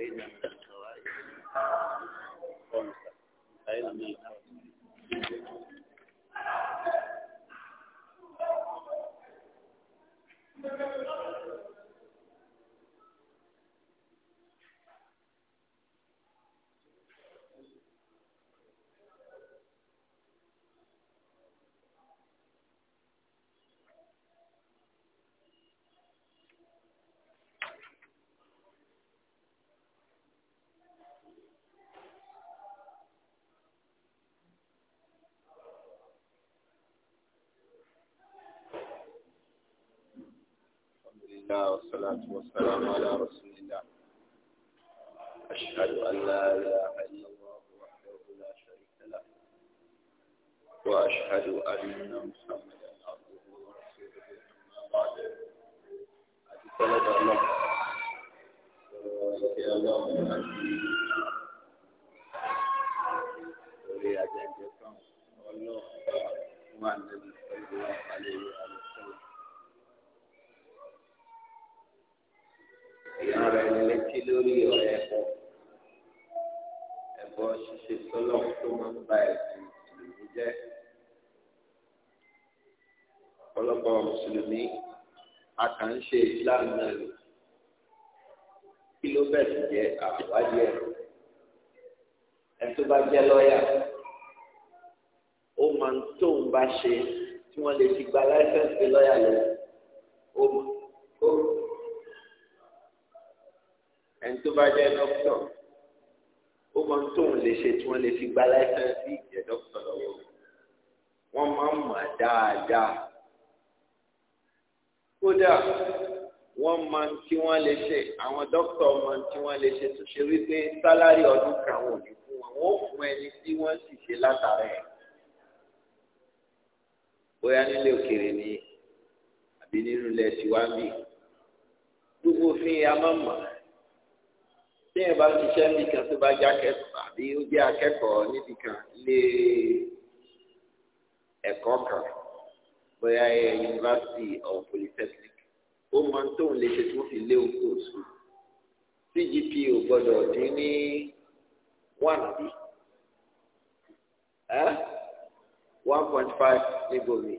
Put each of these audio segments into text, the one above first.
أين من الخوارج أين من الخوارج الله والصلاة والسلام على رسول الله أشهد أن لا إله إلا الله وحده لا شريك له وأشهد أن محمدا عبده ورسوله أما بعد أتسلد الله ورسول الله الله الله ara ẹni létí lórí ọ̀rọ̀ ẹ̀kọ́ ẹ̀kọ́ ṣíṣe sọ́lọ́ tó máa ń ba ẹ̀sìn mùsùlùmí jẹ́ ọ̀pọ̀lọpọ̀ mùsùlùmí a kàn ń ṣe ìsìláàmù náà lò kí ló bẹ̀ sì jẹ́ àwájú ẹ̀ ẹ̀ tó bá jẹ́ lọ́ọ̀yà ó máa ń tóun bá ṣe tí wọ́n lè fi gba láìsẹ̀ǹsì lọ́ọ̀yà lọ ó ẹni tó bá jẹ́ dókítà ó mọ tóun lè ṣe tí wọ́n lè fi gba láìsẹ̀nsì ìjẹ́ dókítà lọ́wọ́ wọ́n máa ń mọ̀ dáadáa kódà wọ́n mọ tí wọ́n lè ṣe àwọn dókítà mọ tí wọ́n lè ṣe tó ṣe wípé sálárì ọdún kan wọn ò ní fún wọn wọ́n fún ẹni tí wọ́n sì ṣe látara ẹ̀ bóyá nílé òkèrè ni àbí nínú ilẹ̀ tiwa mi gbogbo fi amọ̀ mọ̀ tí ẹ bá ṣiṣẹ́ nìkan tó bá já kẹ́kọ̀ọ́ àbí ó jẹ́ akẹ́kọ̀ọ́ níbi kan lé ẹ̀kọ́ kan bóyá ẹ yunifásitì or polytechnic ó mọ tó ń lè ṣe tí wọ́n fi lé oko oṣù cgp ò gbọ́dọ̀ dín ní one bí ẹ one point five níbo mi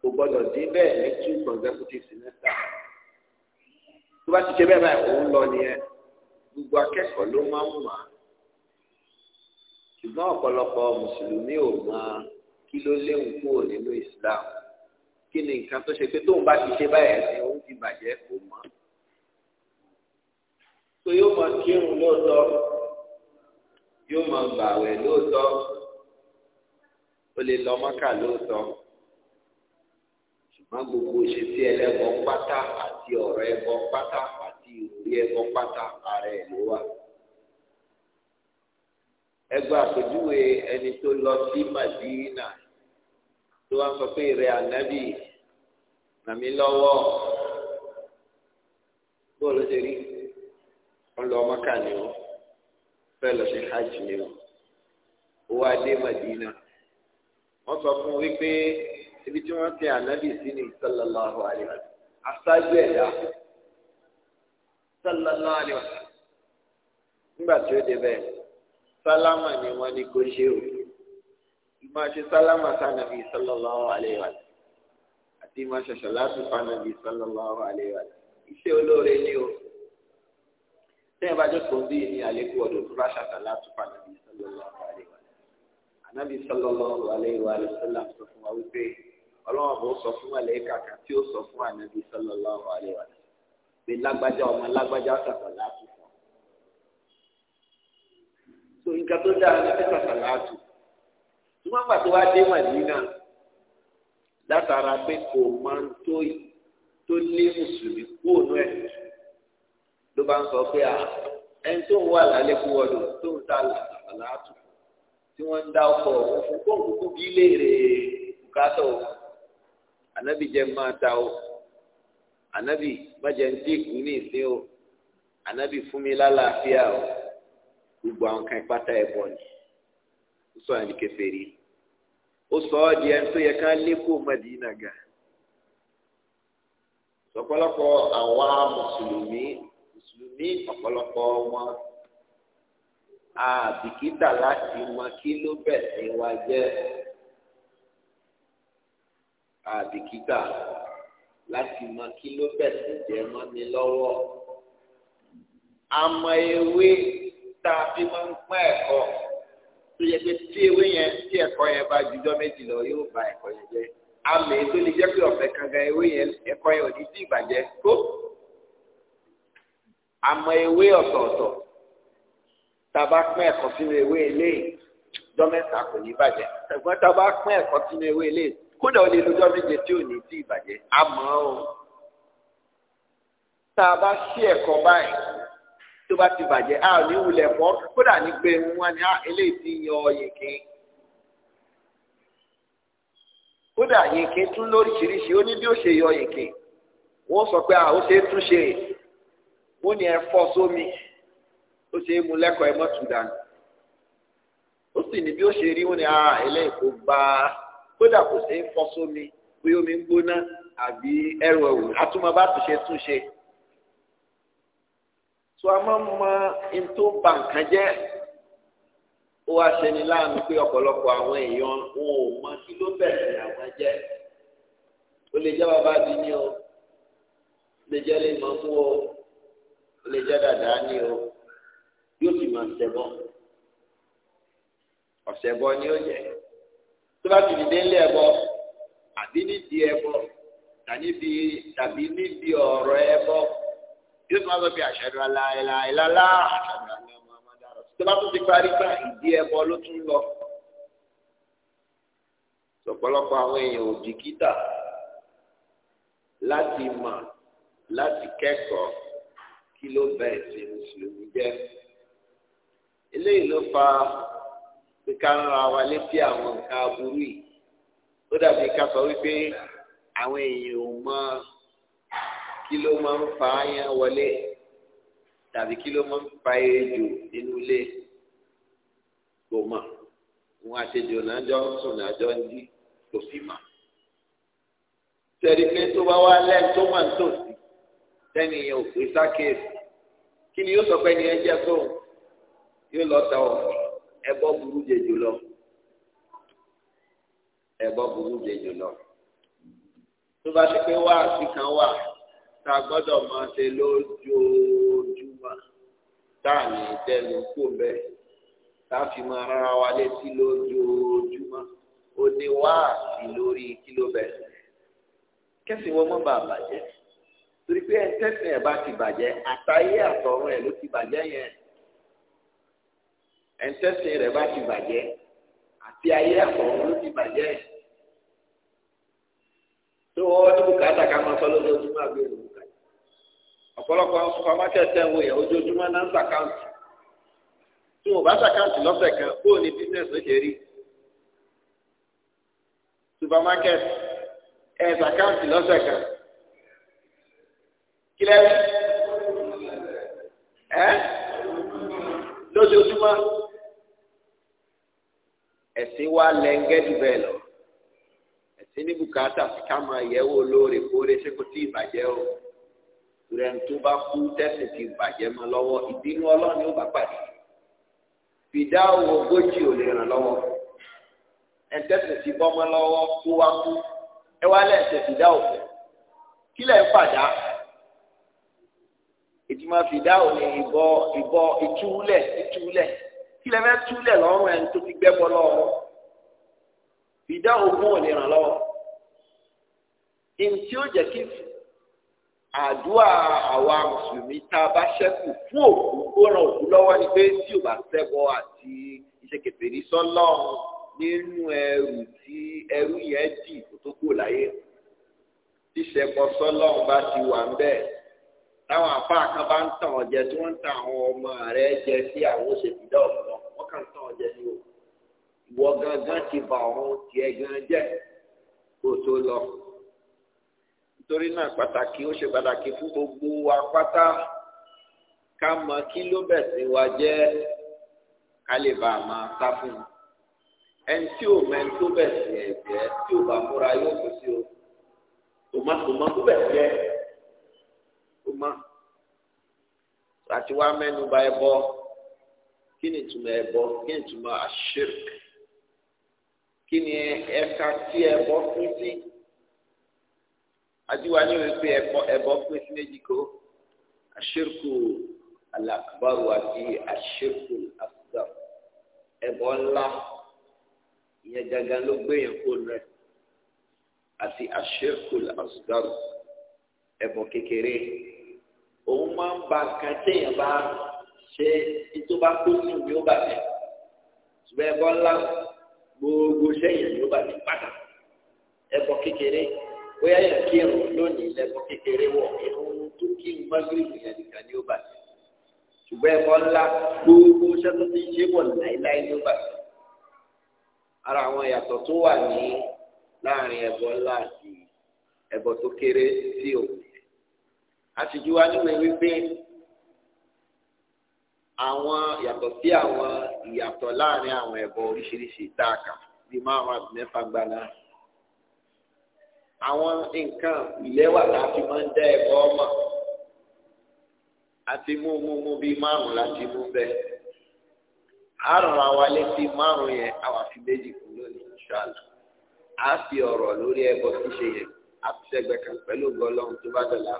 kò gbọ́dọ̀ dín bẹ́ẹ̀ ní two consecutive semester tó bá ti ṣe bẹ́ẹ̀ báyìí òun lọ nìyẹn gbogbo akẹ́kọ̀ọ́ ló máa ń mọ̀ ṣùgbọ́n ọ̀pọ̀lọpọ̀ mùsùlùmí ò mọ kí ló léwu kúrò nínú Islam kí ni nǹkan tó ṣe pé tóun bá ti ṣe báyẹn ni òun ti bàjẹ́ kò mọ̀ tó yóò máa kírun lóòótọ́ yóò máa gbààwẹ̀ lóòótọ́ ó lè lọ Mọ́kà lóòótọ́ ṣùgbọ́n gbogbo ìṣesí ẹlẹ́bọ pátá àti ọ̀rọ̀ ẹbọ pátá àti ìròrí ẹbọ pátá ààrẹ ló wà. ẹgbẹ́ àpèjúwe ẹni tó lọ sí Madina tó wá sọ pé rẹ ànábì ràn mí lọ́wọ́ bóòlù ṣe rí wọn lọ ni ó fẹ́ lọ sí hajj ni ó ó wá Madina wọ́n sọ fún wípé ibi tí wọ́n ti ànábì sí ni sallallahu alaihi wasallam aṣáájú ẹ̀dá sallallahu alaihi wasallam nígbà tí ó débẹ̀ sálámà ni wọ́n ní kó ṣe o máa ṣe sálámà sànàbí sallallahu alaihi wasallam àti máa ṣẹ̀ṣẹ̀ láti fànàbí sallallahu alaihi wasallam iṣẹ́ olóore ni o tẹ́yìn bá jókòó bí ní àlékún ọ̀dọ̀ tó bá ṣàṣà láti fànàbí sallallahu alaihi wasallam ànábì sallallahu alaihi wasallam sọ fún wa wípé ọlọ́wọ́n bó sọ fún àlẹ́ kàkà tí ó sọ fún ànábì sallallahu alaihi wasallam pé lágbájá ọmọ lágbájá sàkàlà tù fún so nǹkan tó dára ní sàkàlà tù ṣùgbọ́n àgbà tó wá dé màdínà látara pé kò máa ń tó tó lé mùsùlùmí kúònú ẹ̀ ló bá ń sọ pé à ẹni tó ń wà lálẹ́ kú ọdún tó ń ta sàkàlà tù tí wọ́n ń dá ọkọ̀ òun fún kóńkù kú bí léèrè bùkátà òun máa ta òun ànábì bàjẹ́ ń dínkù ní ìsín o ànábì fún mi lálàáfíà o gbogbo àwọn kan pátá ẹbọ ni ó sọ àyàn ní kèfèrí ó sọ ọ́ di ẹni tó yẹ ká lékòó Mẹ́dínà ga ọ̀pọ̀lọpọ̀ àwa mùsùlùmí mùsùlùmí ọ̀pọ̀lọpọ̀ wọn àbìkítà láti mọ kí ló bẹ̀sẹ̀ wa jẹ́ àbìkítà láti mọ kí ló bẹ̀sẹ̀ jẹ mọ́ mi lọ́wọ́ àmọ́ ewé tá a fi máa ń pẹ́ ẹ̀kọ́ tó yẹ pé tí ewé yẹn tí ẹ̀kọ́ yẹn bá jùjọ́ méjì lọ yóò ba ẹ̀kọ́ yẹn jẹ́ àmì tó lè jẹ́ pé ọ̀fẹ́ kankan ewé yẹn ẹ̀kọ́ yẹn ò ní sí ìbàjẹ́ tó àmọ́ ewé ọ̀tọ̀ọ̀tọ̀ tá a bá pín ẹ̀kọ́ sínú ewé eléyìí jọ́ mẹ́ta kò ní bàjẹ́ ẹ̀gbọ́n tá a bá pín ẹ̀kọ́ sínú ewé eléyìí kódà ó lè lójọ́ méje tí ò ní sí ìbàjẹ́ àmọ́ o tá a bá ṣí ẹ̀kọ́ báyìí tó bá ti bàjẹ́ a ò ní wulẹ̀ pọ̀ kódà ní pé wọ́n ní ah, eléyìí ti yan yèké kódà yèké tún lóríṣiríṣi ó ní bí ó ṣe yan yèké wọ́n sọ pé a ah, ó ṣe é túnṣe wọ́n ní ẹ fọ́ sómi ó ṣe é mu lẹ́kọ̀ọ́ ẹ mọ́ tù dànù ó sì ní bí ó ṣe rí wọ́n ní a ah, eléyìí kò kódà kò sí fọ́ sómi pé omi ń gbóná àbí ẹrù ẹ̀wù atúmọ̀ bá tún ṣe tún ṣe. tó a máa ń mọ in tó ba nǹkan jẹ́ ó wá ṣe ni láàánú pé ọ̀pọ̀lọpọ̀ àwọn èèyàn wọn ò mọ kí ló bẹ̀rẹ̀ àwọn jẹ́ ó lè jẹ́ bàbá mi ní o lè jẹ́ lè mọ̀ mú o ó lè jẹ́ dàdá ní o yóò sì máa ṣẹ̀bọ̀ ọ̀ṣẹ̀bọ̀ ni ó jẹ́ tó bá ti dìde ńlẹ̀ ẹbọ àbí nídìí ẹbọ tàbí tàbí nídìí ọ̀rọ̀ ẹbọ yóò tún wá sọ pé àṣàdùn aláìláìlálá àṣàdùn aláìláìlálá tó bá tún ti parí gbà ìdí ẹbọ ló tún lọ ọ̀pọ̀lọpọ̀ àwọn èèyàn ò bìkítà láti mọ̀ láti kẹ́kọ̀ọ́ kí ló bẹ̀rẹ̀ sí mùsùlùmí jẹ́ eléyìí ló fa pé ká ń ra wa létí àwọn nǹkan aburú yìí ó dàbí ká sọ wípé àwọn èèyàn ò mọ kí ló máa ń fa aáyán wọlé tàbí kí ló máa ń fa ejò nínú ilé kò mọ̀ òun àtejò náà jọ ń sùn náà jọ ń jí kò sì mọ̀ tẹ̀lé tó bá wá lẹ́nu tó máa ń tòsí yẹn ò pé sákèésì kí ni yóò sọ pé ni ẹ jẹ́ fóun yóò lọ ta ọ̀fìn ẹbọ burú jẹjọ lọ ẹbọ burú jẹjọ lọ tó bá ti pé wáàsí kan wà tá a gbọ́dọ̀ máa ṣe lójoojúmọ́ tá a ní ìtẹnu kó bẹ́ẹ̀ tá a fi máa rárá wa létí lójoojúmọ́ ó ní wáàsí lórí kíló bẹ́ẹ̀ kẹ́sìn wọn mọ́ bàa bàjẹ́ torí pé ẹ̀ńtẹ́sìn ẹ̀ bá ti bàjẹ́ àtayé àtọ̀run ẹ̀ ló ti bàjẹ́ yẹn ẹ̀ńtẹ́sìn rẹ̀ bá ti bàjẹ́ àti ayé àkọ́wọ́ ló ti bàjẹ́ tó wọ́n ní bùkátà ká máa sọ lójoojúmọ́ àbí èrò bùkátà ọ̀pọ̀lọpọ̀ supermarket ẹ̀ ń wo yẹn ojoojúmọ́ náà ń sàkáǹtì tí wọ́n bá sàkáǹtì lọ́sẹ̀ kan bóò ní business ó ṣe rí supermarket ẹ̀ sàkáǹtì lọ́sẹ̀ kan kílẹ̀ ẹ́ lójoojúmọ́ ẹ̀sìn wa lẹ́ńgẹ́ jù bẹ́ẹ̀ lọ ẹ̀sìn ní bùkátà ká máa yẹ̀wò lóòrèkóòrè ṣé kò tí ì bàjẹ́ o rẹ̀ ń tó bá kú tẹ̀sìn ti bàjẹ́ mọ́ lọ́wọ́ ìbínú ọlọ́run yóò bá pàdé fìdá owó ogójì ò lè ràn lọ́wọ́ ẹ̀tẹ́sìn ti bọ́ mọ́ lọ́wọ́ kó wá kú ẹ wá lẹ́sẹ̀ fìdá òfin kí lẹ́ ń fàdá ìtumọ̀ fìdá òní ìbọ ìbọ ìtúwúlẹ̀ ìtúwúlẹ̀ kí lè fẹ́ túlẹ̀ lọ́rùn ẹni tó ti gbẹ́ bọ́ lọ́wọ́ ìdá ogún ò lè ràn lọ́wọ́ ntí ó jẹ́ kí àdúrà àwa mùsùlùmí tá a bá ṣẹ́kù fún òkú ó ràn òkú lọ́wọ́ ni pé tí ò bá ṣẹbọ àti iṣẹ́ kèfèrí sọ́lọ́run nínú ẹrù tí ẹrù yẹn dì kó tó kú láyé tíṣẹbọ sọ́lọ́run bá ti wà ń táwọn àfáà bá ń tàn ọ́ jẹ tí wọ́n ń tàn àwọn ọmọ rẹ̀ jẹ sí àwọn òṣèlú dọ́ọ̀mù wọ́n kàn tán ọ̀jẹ̀ ni o ìwọ gangan ti bà ọ́n tiẹ̀ gan jẹ́ kó tó lọ nítorí náà pàtàkì ó ṣe pàtàkì fún gbogbo wa pátá ká mọ kí ló bẹ̀ sí wa jẹ́ ká lè bá a máa sá fún un ẹni tí ò mẹ́ni tó bẹ̀ sí ẹ̀ tí ò bá múra yóò kó sí o tòmátòmá tó bẹ̀ jẹ́ tòmá àti wá mẹ́nu bà ẹbọ kí ni ìtumọ̀ ẹbọ kí ni ìtumọ̀ àṣírk kí ni ẹ̀ka tí ẹbọ pín sí adiwa ní wípé ẹbọ pín sí méjì kó àṣírkù alakbaru àti àṣírkù asghar ẹbọ ńlá ìyẹn gangan ló gbéyàn kó rẹ àti àṣírkù asghar ẹbọ kékeré òun máa ń ba kàtẹ́yìn bá ṣé ètò bá kó sí òní ó bàjẹ́ ṣùgbọ́n ẹbọ ńlá gbogbo sẹ́yìn ni ó bàjẹ́ pátá ẹbọ kékeré bóyá yẹn kí ẹrù lónìí lẹbọ kékeré wọ irun tó kí n bá gbé ìrìn àdìgá ni ó bàjẹ́ ṣùgbọ́n ẹbọ ńlá gbogbo sẹ́tọ́ ti ṣe wọ̀ láéláé ni ó bàjẹ́ ara àwọn ìyàtọ̀ tó wà ní láàrin ẹbọ ńlá àti ẹbọ tó kéré sí òun àtijọ́ wa níwèé wípé àwọn yàtọ̀ sí àwọn ìyàtọ̀ láàrin àwọn ẹ̀bọ oríṣiríṣi dáàkà bíi márùn àti mẹ́fà gbaná àwọn nǹkan ìlẹ́wà láti máa ń dá ẹ̀bọ ọmọ àti mú mú mú bíi márùn láti mú bẹ́ẹ̀ àrùn àwa létí márùn yẹn àwa fi méjì kú lónìí ṣáàlù á fi ọ̀rọ̀ lórí ẹ̀bọ ṣíṣe yẹn á fi ṣẹ́gbẹ̀ kan pẹ̀lú gọlọ́hún tó bá dọ̀là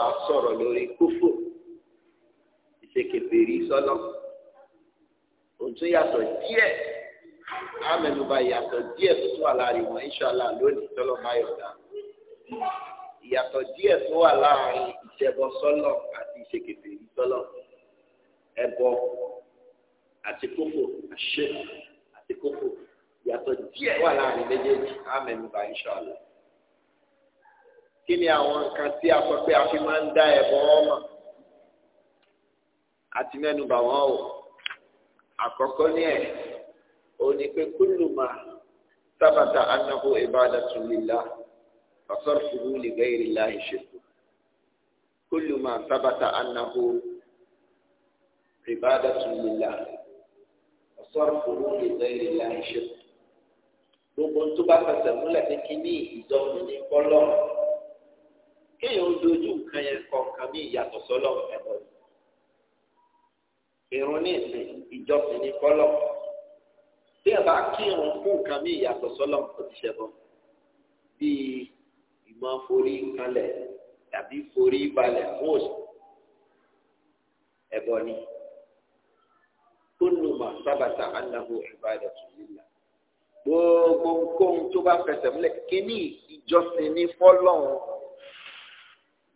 á sọ̀rọ̀ lórí kúfù ṣe kẹfẹ́rí sọ́nà òtún yàtọ̀ díẹ̀ àmẹ́nuba yàtọ̀ díẹ̀ tó wà láàrin wọn inṣàlá lónìí tọ́lọ́ máa yọ̀dá ìyàtọ̀ díẹ̀ tó wà láàrin ìṣẹ̀bọ sọ́lọ̀ àti ìṣèkèfèrí sọ́lọ̀ ẹ̀bọ àti kókò àṣẹ àti kókò ìyàtọ̀ díẹ̀ wà láàrin méjèèjì àmẹ́nuba inṣàlá kí ni àwọn nǹkan tí a sọ pé a fi máa ń dá ẹ̀bọ ọmọ àti mẹ́nubà wọn o àkọ́kọ́ ní ẹ̀ ó ní pé kúlù mà sábàtà annahu ibadatu lillah fasarfuhu li ghayri llahi shirku kúlù mà sábàtà annahu ibadatu lillah fasarfuhu li ghayri llahi shirku gbogbo tó bá fẹsẹ̀ múlẹ̀ ní kíní ìdọ́nu ní kọ́lọ́ kéèyàn dojú kan yẹn kọ̀ọ̀kan ní ìyàtọ̀ sọ́lọ́ ẹ̀bọ̀n irun ní ìsìn ìjọsìn ní kọ́lọ̀ bí ẹ bá kí irun fún nǹkan mí ìyàtọ̀ sọ́lọ̀ ó ti ṣẹbọ bíi ìmọ̀ forí kalẹ̀ tàbí forí balẹ̀ fún òsì ẹ̀bọ ni kullu ma sábàtà annahu ibadatu lillah gbogbo nǹkan tó bá fẹsẹ̀ múlẹ̀ kíní ìjọsìn ní fọ́lọ́run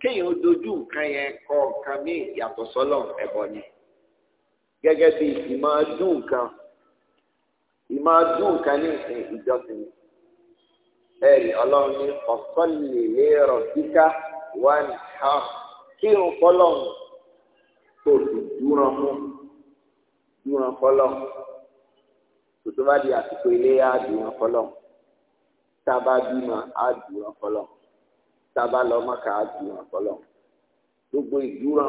kéèyàn dojú nǹkan yẹn kọ nǹkan mí ìyàtọ̀ sọ́lọ̀ ẹ̀bọ ni gẹ́gẹ́ bí ìmáa dùn nǹkan ìmáa dùn nǹkan ní ìsìn ìjọsìn ẹ̀rí ọlọ́run ní ọ̀sán lè lè rọ̀ síká wà ní ha kí n fọlọ́run tó sì dúró mú dúró fọlọ́run tòtò bá di àsìkò ilé á dúró fọlọ́run tá bímọ á dúró fọlọ́run tá a bá á dúró fọlọ́run gbogbo ìdúró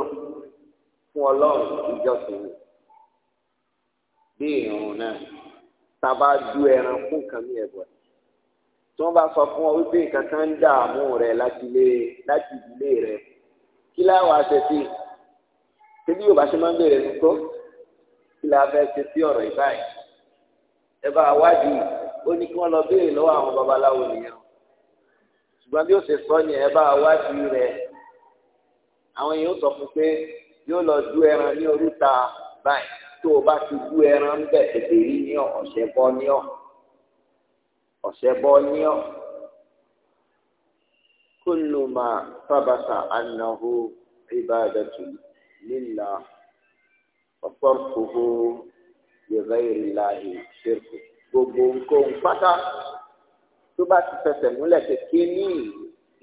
fún ọlọ́run ìjọsìn rẹ̀ bí irun náà tábà du ẹran fún nǹkan mi ẹ̀bọ̀ tí wọ́n bá sọ fún ọ wípé nǹkan kan ń dààmú rẹ láti ilé rẹ kí láwọn àṣẹsí ṣé bí yorùbá ṣe máa ń bèèrè nǹkó kí la fẹ́ ṣe sí ọ̀rọ̀ ìbáyìí ẹ bá wádìí ó ní kí wọ́n lọ béèrè lọ́wọ́ àwọn babaláwo nìyẹn ṣùgbọ́n bí ó ṣe sọ ni ẹ bá wádìí rẹ àwọn èèyàn sọ fún pé yóò lọ du ẹran ní orúta báyìí tó o bá ti bú ẹran bẹ̀ tètè rí ní ọ̀ ọ̀sẹ̀ bọ́ ní ọ̀ ọ̀sẹ̀ bọ́ ní ọ̀ kullu ma thabata annahu ibadatu lillah wa tarkuhu li ghayri gbogbo nǹkan pátá tó bá ti fẹsẹ̀ múlẹ̀ kékeré ní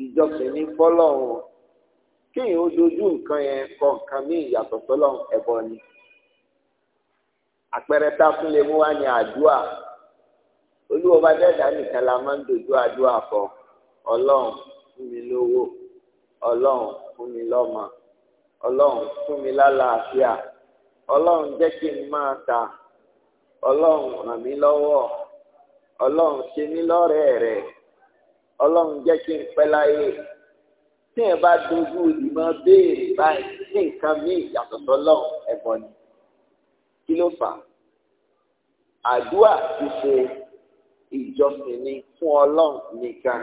ìjọsìn ní fọ́lọ́run kéèyàn ó dojú nǹkan yẹn kọ nǹkan ní ìyàtọ̀ fọ́lọ́run ẹ̀bọ ni àpẹẹrẹ tá a tún lè mú wá ní àdúà olúwo bá dẹ́dá nìkan la máa ń dojú àdúà kọ ọlọ́run fún mi lówó ọlọ́run fún mi lọ́mọ ọlọ́run fún mi lálàáfíà ọlọ́run jẹ́ kí n máa ta ọlọ́run ràn mí lọ́wọ́ ọlọ́run ṣe mí lọ́rẹ̀ẹ́ rẹ̀ ọlọ́run jẹ́ kí n pẹ́ láyé tí ẹ bá dojú ìmọ̀ béèrè báyìí ní nǹkan míì yàtọ̀ sọ́lọ́run ẹ̀bọ̀n ni kí ló fà àdúà ti ṣe ìjọsìn ni fún ọlọ́run nìkan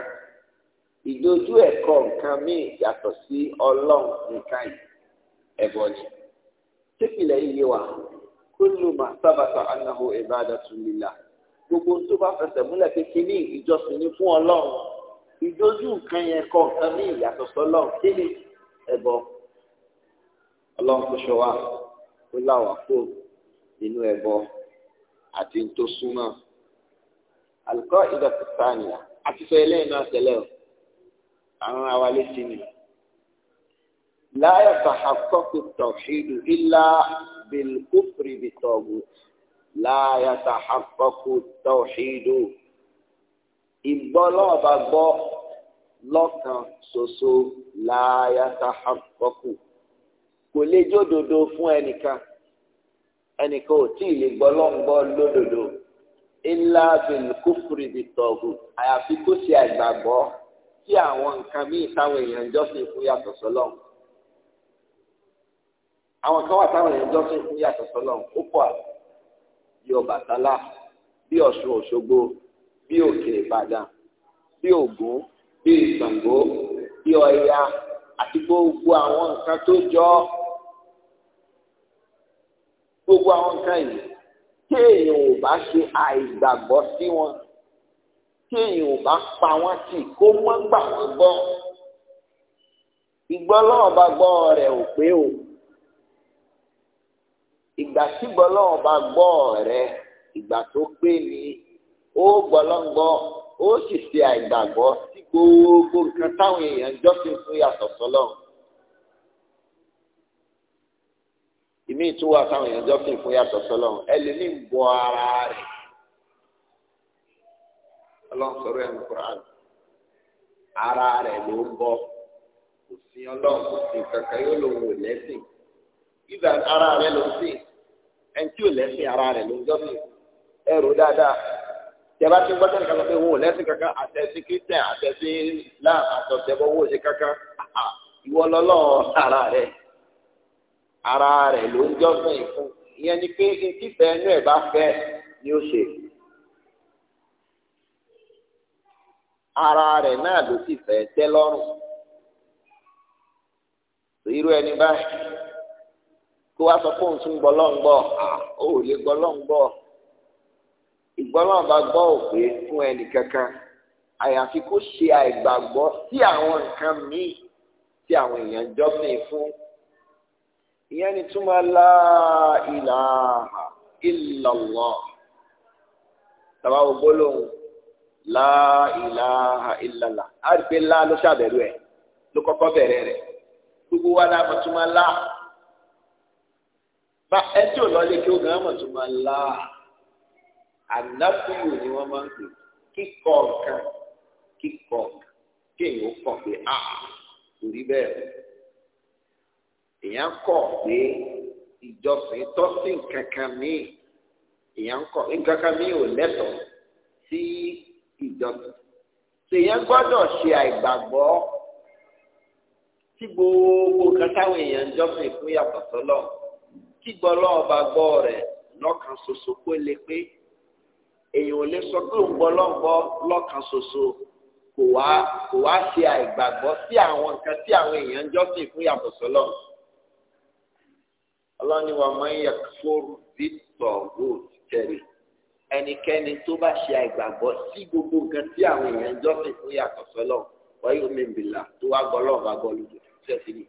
ìdojú ẹ̀kọ́ nǹkan míì yàtọ̀ sí ọlọ́run nìkan yìí ẹ̀bọ ni tẹ́pìlẹ̀ iye wa kullu ma sábàtà annahu ibadatu lillah gbogbo tó bá fẹsẹ̀ múlẹ̀ kékeré ìjọsìn ni fún ọlọ́run ìdojú nǹkan yẹn kọ nǹkan míì yàtọ̀ sọlọ́run kí ni ẹ̀bọ ọlọ́run kò ṣọ wa ó láwàá inú ẹbọ àti tó súnmọ́ àlùkò ìdọ̀tí sáànìyà àti sọ eléyìí náà tẹ́lẹ̀ o àwọn awalé sí ni. láyà tàhàkọ́kù tọ̀hídù ilá bìlkúfrì bìtọ̀gù láyà tàhàkọ́kù tọ̀hídù ìgbọ́lọ́ọ̀bá gbọ́ lọ́kàn ṣoṣo láyà tàhàkọ́kù kò lè jódodo fún ẹnìkan ẹnìkan ò tí ì lè gbọ́ lọ́ngbọ́ lódodo ilá bilkufri di tọ̀gù àyàfi kó ṣe àgbàgbọ́ sí àwọn nǹkan míì táwọn èèyàn jọ́sìn fún yàtọ̀ sọ́lọ́ àwọn kan wà táwọn èèyàn jọ́sìn fún yàtọ̀ sọ́lọ́ ó pọ̀ bí Ọbàtálá bí Ọ̀ṣun Òṣogbo bí Òkè Ìbàdàn bí Ògún bí Ṣàngó bí Ọya àti gbogbo àwọn nǹkan tó jọ ọ́. gbogbo àwọn nǹkan yìí tí èèyàn ò bá ṣe àìgbàgbọ́ sí wọn tí èèyàn ò bá pa wọn tì kó wọ́n gbà wọn gbọ́ ìgbọ́ gbọ́ rẹ̀ o ìgbà tí gbọ́ tó pé ni ó gbọ́ ó sì sí gbogbo nǹkan táwọn èèyàn jọ́sìn fún yàtọ̀ ìmí ìtúwà táwọn èèyàn jọ fìn fún yàtọ̀ sọlọ́run ẹlẹ́ni ń bọ ara rẹ̀ ọlọ́run sọ̀rọ̀ ẹ̀ ń kúrò àná ara rẹ̀ ló ń bọ kò sí ọlọ́run kò sí kankan yóò lòun ò lẹ́sìn gbígbà ara rẹ̀ ló ń sìn ẹni tí ò lẹ́sìn ara rẹ̀ ló ń jọ fìn ẹrù dáadáa tẹ́lá tí gbọ́dọ̀ nìkan lọ pé wọn ò kankan àtẹ̀sí kírísítẹ̀ àtẹ̀sí islam àtọ̀tẹ̀bọ̀ owó ṣe kankan ìwọ lọ́lọ́ọ̀ ara rẹ̀. ara rẹ̀ ló ń jọ́sìn fún ìyẹn ni pé ìtìfẹ́ inú ẹ̀ bá fẹ́ ni ó ṣe ara rẹ̀ náà ló sì fẹ́ tẹ́ lọ́rùn irú ẹni báyìí kó wá sọ pé òun tún gbọ́ lọ́ngbọ́ ó ò lè gbọ́ lọ́ngbọ́ ìgbọ́lọ́n bá gbọ́ òpè fún ẹnì kankan àyàfi kó ṣe àìgbàgbọ́ sí àwọn nǹkan míì tí àwọn èèyàn jọ́sìn fún ìyẹn ni túmọ̀ la ilaha illallah tàbá ògbólóhùn la ilaha illallah á rí pé la ló ṣàbẹ̀rù ẹ̀ ló kọ́kọ́ bẹ̀rẹ̀ rẹ̀ gbogbo wa la mọ̀ túmọ̀ la bá ẹ tí ò lọ́lé kí ó gan mọ̀ túmọ̀ la ànáfíù ni wọ́n máa ń pè kíkọ̀ nǹkan kíkọ̀ nǹkan kéèyàn pé a ah, kò rí bẹ́ẹ̀ rẹ̀ èèyàn kọ̀ pé ìjọsìn tọ́sìn kankan míì èèyàn kọ̀ nkankan míì ò lẹ́tọ̀ọ́ sí ìjọsìn èèyàn gbọ́dọ̀ ṣe àìgbàgbọ́ tí gbogbo nǹkan táwọn èèyàn ń jọ́sìn fún yàtọ̀ sọ́lọ̀ tí gbọ́lọ́ ọba gbọ́ rẹ̀ lọ́kàn ṣoṣo kó lè pé èèyàn ò lè sọ pé òun gbọ́lọ́ gbọ́ lọ́kàn ṣoṣo kò wá kò wá ṣe àìgbàgbọ́ sí àwọn nǹkan tí àwọn èèyàn ń jọ́sìn fún yàtọ̀ sọ́lọ̀ Allah ni wà máa ń yà fóòrù bí tọ̀gbò tẹ̀lé ẹnikẹ́ni tó bá ṣe àìgbàgbọ́ sí gbogbo nǹkan tí àwọn èèyàn jọ́sìn fún yàtọ̀ sọ́lọ̀ wáyé omi ìbìlà tó wá gbọ́ lọ́wọ́ bá gbọ́ lójú ṣẹ́sì ni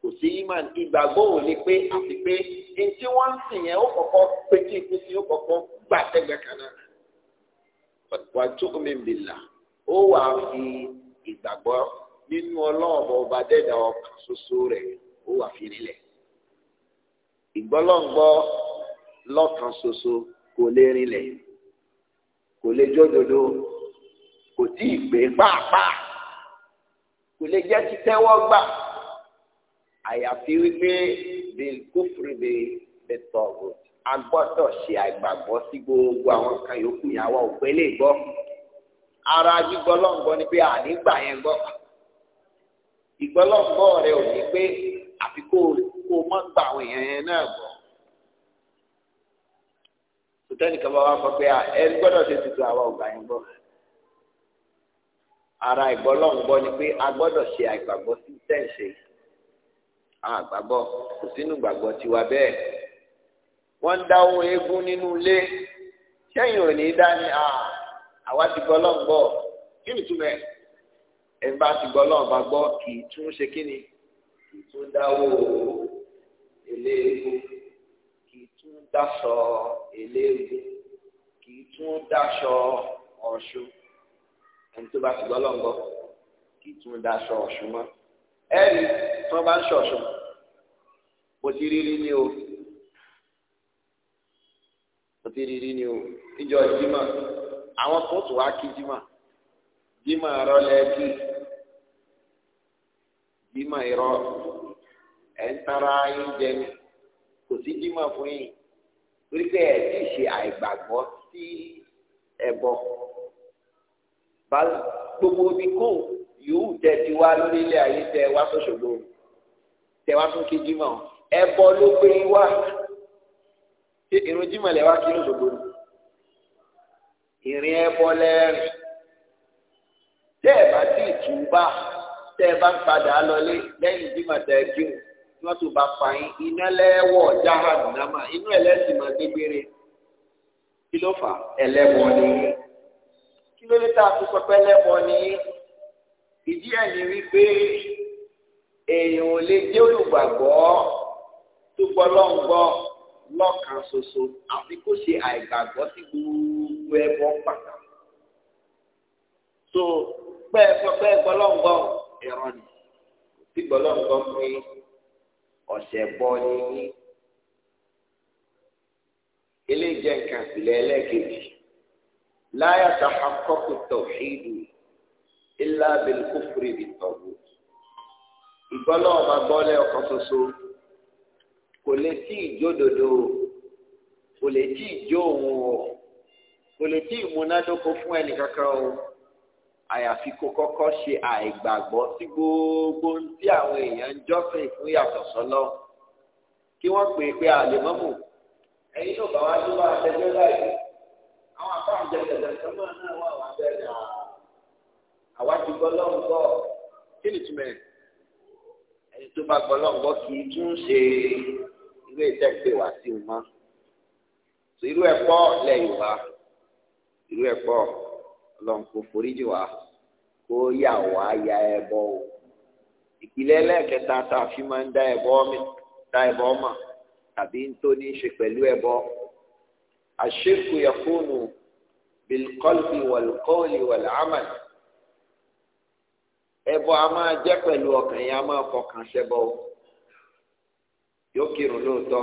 kò sí imán ìgbàgbọ́ ò ní pé àti pé ní tí wọ́n ń sìn yẹn ó kọ́kọ́ pé ikú sí ó kọ́kọ́ gbà sẹ́gbẹ̀ẹ́ kan náà tó omi ìbìlà ó wà fi ìgbàgbọ́ nínú ọlọ́ọ̀bọ̀ ọba dẹ́dà ọkàn ṣoṣo rẹ̀ ó wà fi rílẹ̀ ìgbọ́lọ́ngbọ́ lọ́kan ṣoṣo kò lè rinlẹ̀ kò lè jódodo kò tí ì pé pàápàá kò lè jẹ́ títẹ́wọ́ gbà àyàfi wípé bíi kófìrí bíi bẹ̀tọ̀ọ̀gù a ṣe àgbàgbọ́ sí gbogbo àwọn kan yòókù yẹn àwa ò lè gbọ́ ara gbígbọ́lọ́ngbọ́ ni pé àní gbà yẹn gbọ́ ìgbọ́lọ́ngbọ́ rẹ ò ní pé àfi má gba àwọn èèyàn yẹn náà gbọ́. sọtẹ́nì kan bá wá sọ pé ẹ gbọ́dọ̀ ṣe tuntun àwa ọgbà yẹn gbọ́. ara ìgbọ́lọ́hún gbọ́ ni pé a gbọ́dọ̀ ṣe àìgbàgbọ́ sí tẹ̀sẹ̀ àgbàgbọ́ kò sínú gbàgbọ́ tiwa bẹ́ẹ̀. wọ́n ń dá ohun eégún nínú ilé sẹ́yìn ò ní í dá ní àwa ti gbọ́ lọ́hún gbọ́ kí ni túmẹ̀ ẹ̀ bá ti gbọ́ lọ́hún bá gbọ́ kì í tún ṣe kí ni kì í tún dáwó o eléégún kì í tún dáṣọ eléégún kì í tún dáṣọ ọ̀ṣun ẹni tó bá ti gbọ́ lọ́ngbọ́ kì í tún dáṣọ ọ̀ṣun mọ́ ẹ̀rí tí wọ́n bá ń ṣọ̀ṣun mo ti rí rí ní o mo ti rí rí ní o níjọ́ jímọ̀ àwọn kan tó wá kí jímọ̀ jímọ̀ rọlẹ́ kí jímọ̀ irọ́ ẹ̀ ń tara yín jẹ ni kò sí jímọ̀ fún yín torí pé ẹ̀ ti ṣe àìgbàgbọ́ sí ẹ̀bọ bá gbogbo omi kò yòówù tẹ ti wá lórílẹ̀ ayé tẹ wá sọ̀ṣọ̀gbọ̀ tẹ wá tún kí jímọ̀ ẹ̀bọ ló gbé wá ṣé irun jímọ̀ lẹ wá kí lóṣogbo ìrìn ẹ̀bọ lẹ́rìn tẹ́ ẹ̀ bá tí tù bá tẹ́ ẹ bá padà lọlé lẹ́yìn jímọ̀ tẹ́ ẹ kírun mọ́tò bá fa yín iná lẹ́wọ̀ jáhàdù námà inú ẹlẹ́sìn máa gbégbére kí ló fà ẹlẹ́wọ̀ ni kí ló lè ta àtúntò pé ẹlẹ́wọ̀ ni ìdí ẹ̀ ní wípé èèyàn ò lè jẹ́ olùgbàgbọ́ tó gbọ́ lọ́ngbọ́ lọ́kàn ṣoṣo àfi kó ṣe àìgbàgbọ́ sí gbogbo ẹbọ pàtà. tó pẹ́ẹ́ sọ pé ẹ̀rọ ni kò sí gbọ́lọ́ngbọ́ fún yín ọ̀sẹ̀ bọ́ ni yín eléyìí jẹ́ nǹkan ìpìlẹ̀ ẹlẹ́ẹ̀kejì láyà tàhàkọ́kù tọ̀hídù ilá abẹ́lẹ́kọ́fúrì ìtọ̀wò ìgbọ́lọ́ ọba gbọ́lẹ̀ ọkàn ṣoṣo kò lè tí ìjódodo kò lè tí ìjó òun o kò lè tí ìmúnádóko fún ẹnì kankan o àyàfi kó kọ́kọ́ ṣe àìgbàgbọ́ sí gbogbo tí àwọn èèyàn ń jọ́sìn fún yàtọ̀ sọ́lọ́ kí wọ́n pè é pé àlèmọ́mù ẹ̀yin yóò bá wá tó bá tẹjọ́ láìpẹ́ àwọn àbáwọn jẹjẹrẹ sọmọ náà wà wá bẹ́ẹ̀ náà àwa ti gbọ́ lọ́hùn gbọ́ kí ni túmẹ̀ ẹni tó bá gbọ́ lọ́hùn gbọ́ kì í tún ṣe irú ìtẹ́gbẹ́ wá sí wọn irú ẹ̀pọ̀ lẹ̀ Yorùbá irú ẹ̀pọ̀ ọlọ́run kò foríjì wá kó yà wá ya ẹbọ o ìpìlẹ̀ ẹlẹ́ẹ̀kẹta tá a fi máa ń dá ẹbọ mi dá ẹbọ mọ̀ tàbí ń tó ní í ṣe pẹ̀lú ẹbọ àṣekù yakunu bilqalbi walqawli walamal ẹbọ a máa jẹ pẹ̀lú ọkàn yẹn a máa fọkàn ṣẹbọ o yóò kírun lóòótọ́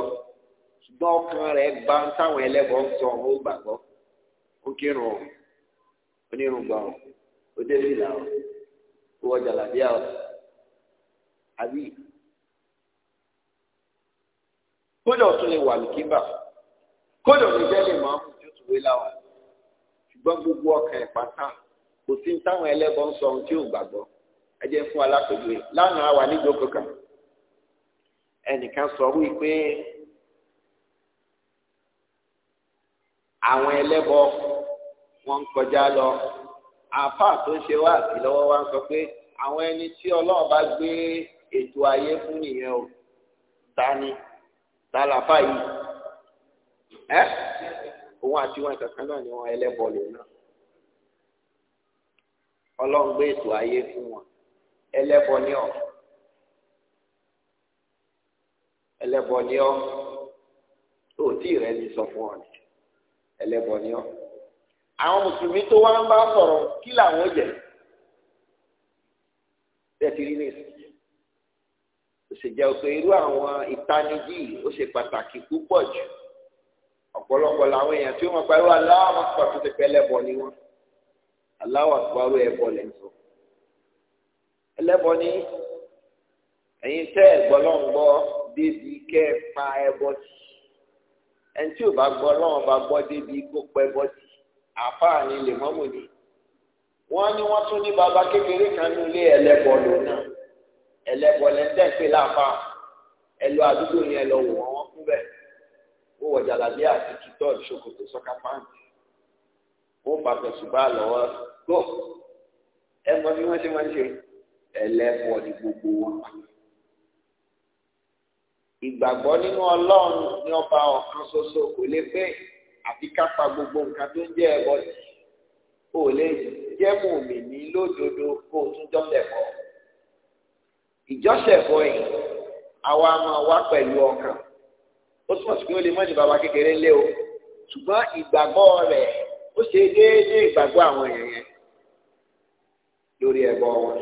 ṣùgbọ́n ọkàn rẹ̀ gbá táwọn ẹlẹ́bọ ń sọ ó gbàgbọ́ ó kírun o onírúgba ọ odébìlà ọ owó jàlábíà ọ àbí kódà ọtún lè wà lùkíbà kódà ọtún jẹ lè máa ń fojú tó wé láwà ṣùgbọ́n gbogbo ọkàn ẹ̀ pátá kò sí táwọn ẹlẹ́bọn sọ ohun tí ò gbàgbọ́ ẹ jẹ́ fún alákòóbè lánàá wà níjókòó kan ẹnìkan sọ wípé àwọn ẹlẹ́bọn wọ́n ń kọjá lọ àáfàá tó ṣe wá sí lọ́wọ́ wa ń sọ pé àwọn ẹni tí ọlọ́run bá gbé ètò ayé fún nìyẹn o ta ni ta làáfàá yìí ẹ òun àti wọn kankan náà ni wọn ẹlẹ́bọ lòun náà ọlọ́run gbé ètò ayé fún wọn ẹlẹ́bọ ni ọ ẹlẹ́bọ ni ọ tó tí rẹ ní sọ fún ọ ẹlẹ́bọ ni ọ àwọn mùsùlùmí tó wá ń bá sọ̀rọ̀ kí làwọn jẹ tẹ́tí rí nìyí ó sì jẹ́ pé irú àwọn ìtanijí ó ṣe pàtàkì púpọ̀ jù ọ̀pọ̀lọpọ̀ làwọn èèyàn tí wọ́n parí aláwọ̀ àkùpà tó ti pẹ́ lẹ́bọ ni wọ́n aláwọ̀ àkùpà ró ẹbọ lẹ́ sọ ẹlẹ́bọ ni ẹ̀yin tẹ́ ẹ̀gbọ́n náà ń gbọ́ débi kẹ́ pa ẹbọ tì ẹni ò bá gbọ́ náà bá gbọ́ débi kó pẹ́ bọ́ tì àfáà ni lè mọ́mù ni wọ́n ní wọ́n tún ní baba kékeré kan ní ilé ẹlẹ́bọ lò náà ẹlẹ́bọ lẹ́ńtẹ́ pé láàfà ẹlọ àdúgbò yẹn ẹlọ wò wọ́n wọ́n kú bẹ́ẹ̀ ó wọ jàlábí àti kìtọ́ ìṣòkòtò sọ́ká pàǹtì ó pàtó ṣùgbọ́n àlọ́wọ́ gbọ́ ẹ mọ bí wọ́n ṣe máa ń ṣe ẹlẹ́bọ ní gbogbo wọn pàtó ìgbàgbọ́ nínú ọlọ́run ní ọba ọ̀kan ṣoṣo kò lè pé àti kápá gbogbo nǹkan tó ń jẹ́ ẹbọ sí o lè jẹ́ mòmí ní lódodo kó o tún jọ́sẹ̀ bọ̀ ìjọ́sẹ̀ bọ̀ yìí àwa máa wá pẹ̀lú ọkàn ó túmọ̀ sí pé ó lè mọ́ ní bàbá kékeré ńlé o ṣùgbọ́n ìgbàgbọ́ rẹ̀ ó ṣe déédéé ìgbàgbọ́ àwọn èèyàn yẹn lórí ẹbọ wọn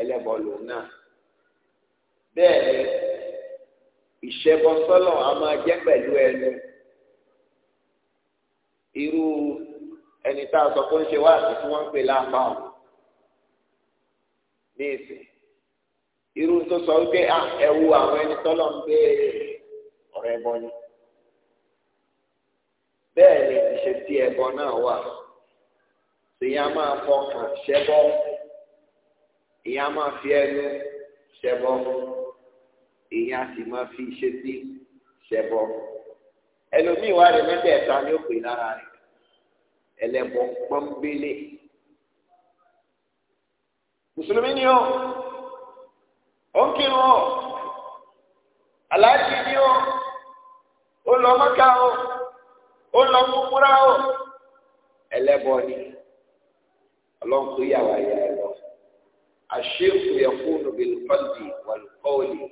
ẹlẹ́bọ lòun náà bẹ́ẹ̀ ìṣẹ́bọ sọ́lọ̀ a máa jẹ́ pẹ̀lú ẹnu irú ẹni tá a sọ pé ń ṣe wáàsí tí wọ́n ń pè láàpá ọ̀ ní ìsìn irú tó sọ wípé ẹ wo àwọn ẹni tọ́lọ̀ ń béèrè ọ̀rọ̀ ẹ̀bọ ni bẹ́ẹ̀ ni ìṣe tí ẹ̀bọ náà wà ìyá máa fọkàn ṣẹbọ ìyá máa fi ẹnu ṣẹbọ ìyá sì máa fi ṣe sí ṣẹbọ ẹlòmíì wà rẹ mẹ́tẹ̀ẹ̀ta ni ó pè lára rẹ ẹlẹ́bọ pọ́nbélé mùsùlùmí ni ó ó ń kírun ó aláàjì ni ó ó lọ mọ́ká ó ó lọ múmúra ó ẹlẹ́bọ ni ọlọ́run tó yà wá yà ẹ lọ àṣírkù yakunu bilqalbi walqawli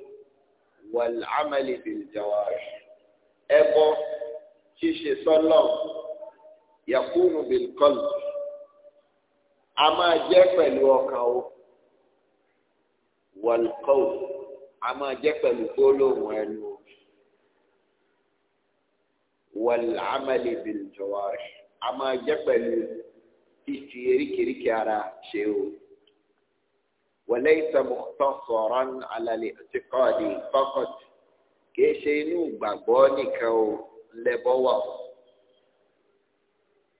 wal'amali biljawari ẹbọ ṣíṣe sọ́lọ̀ yakunu bilkọlù a máa jẹ́ pẹ̀lú ọkàn o wọlkọ́ù a máa jẹ́ pẹ̀lú gbólóhùn ẹnu o wọlámẹ́lì bìlìjọ́wárì a máa jẹ́ pẹ̀lú fífi eríkèríkè ara ṣe o wọléyìí sọmọtọ sọrọ alálẹ àti kọọdì fọkọt kì ṣe inú gbàgbọ́ nìkan o. lẹ́bọ wà o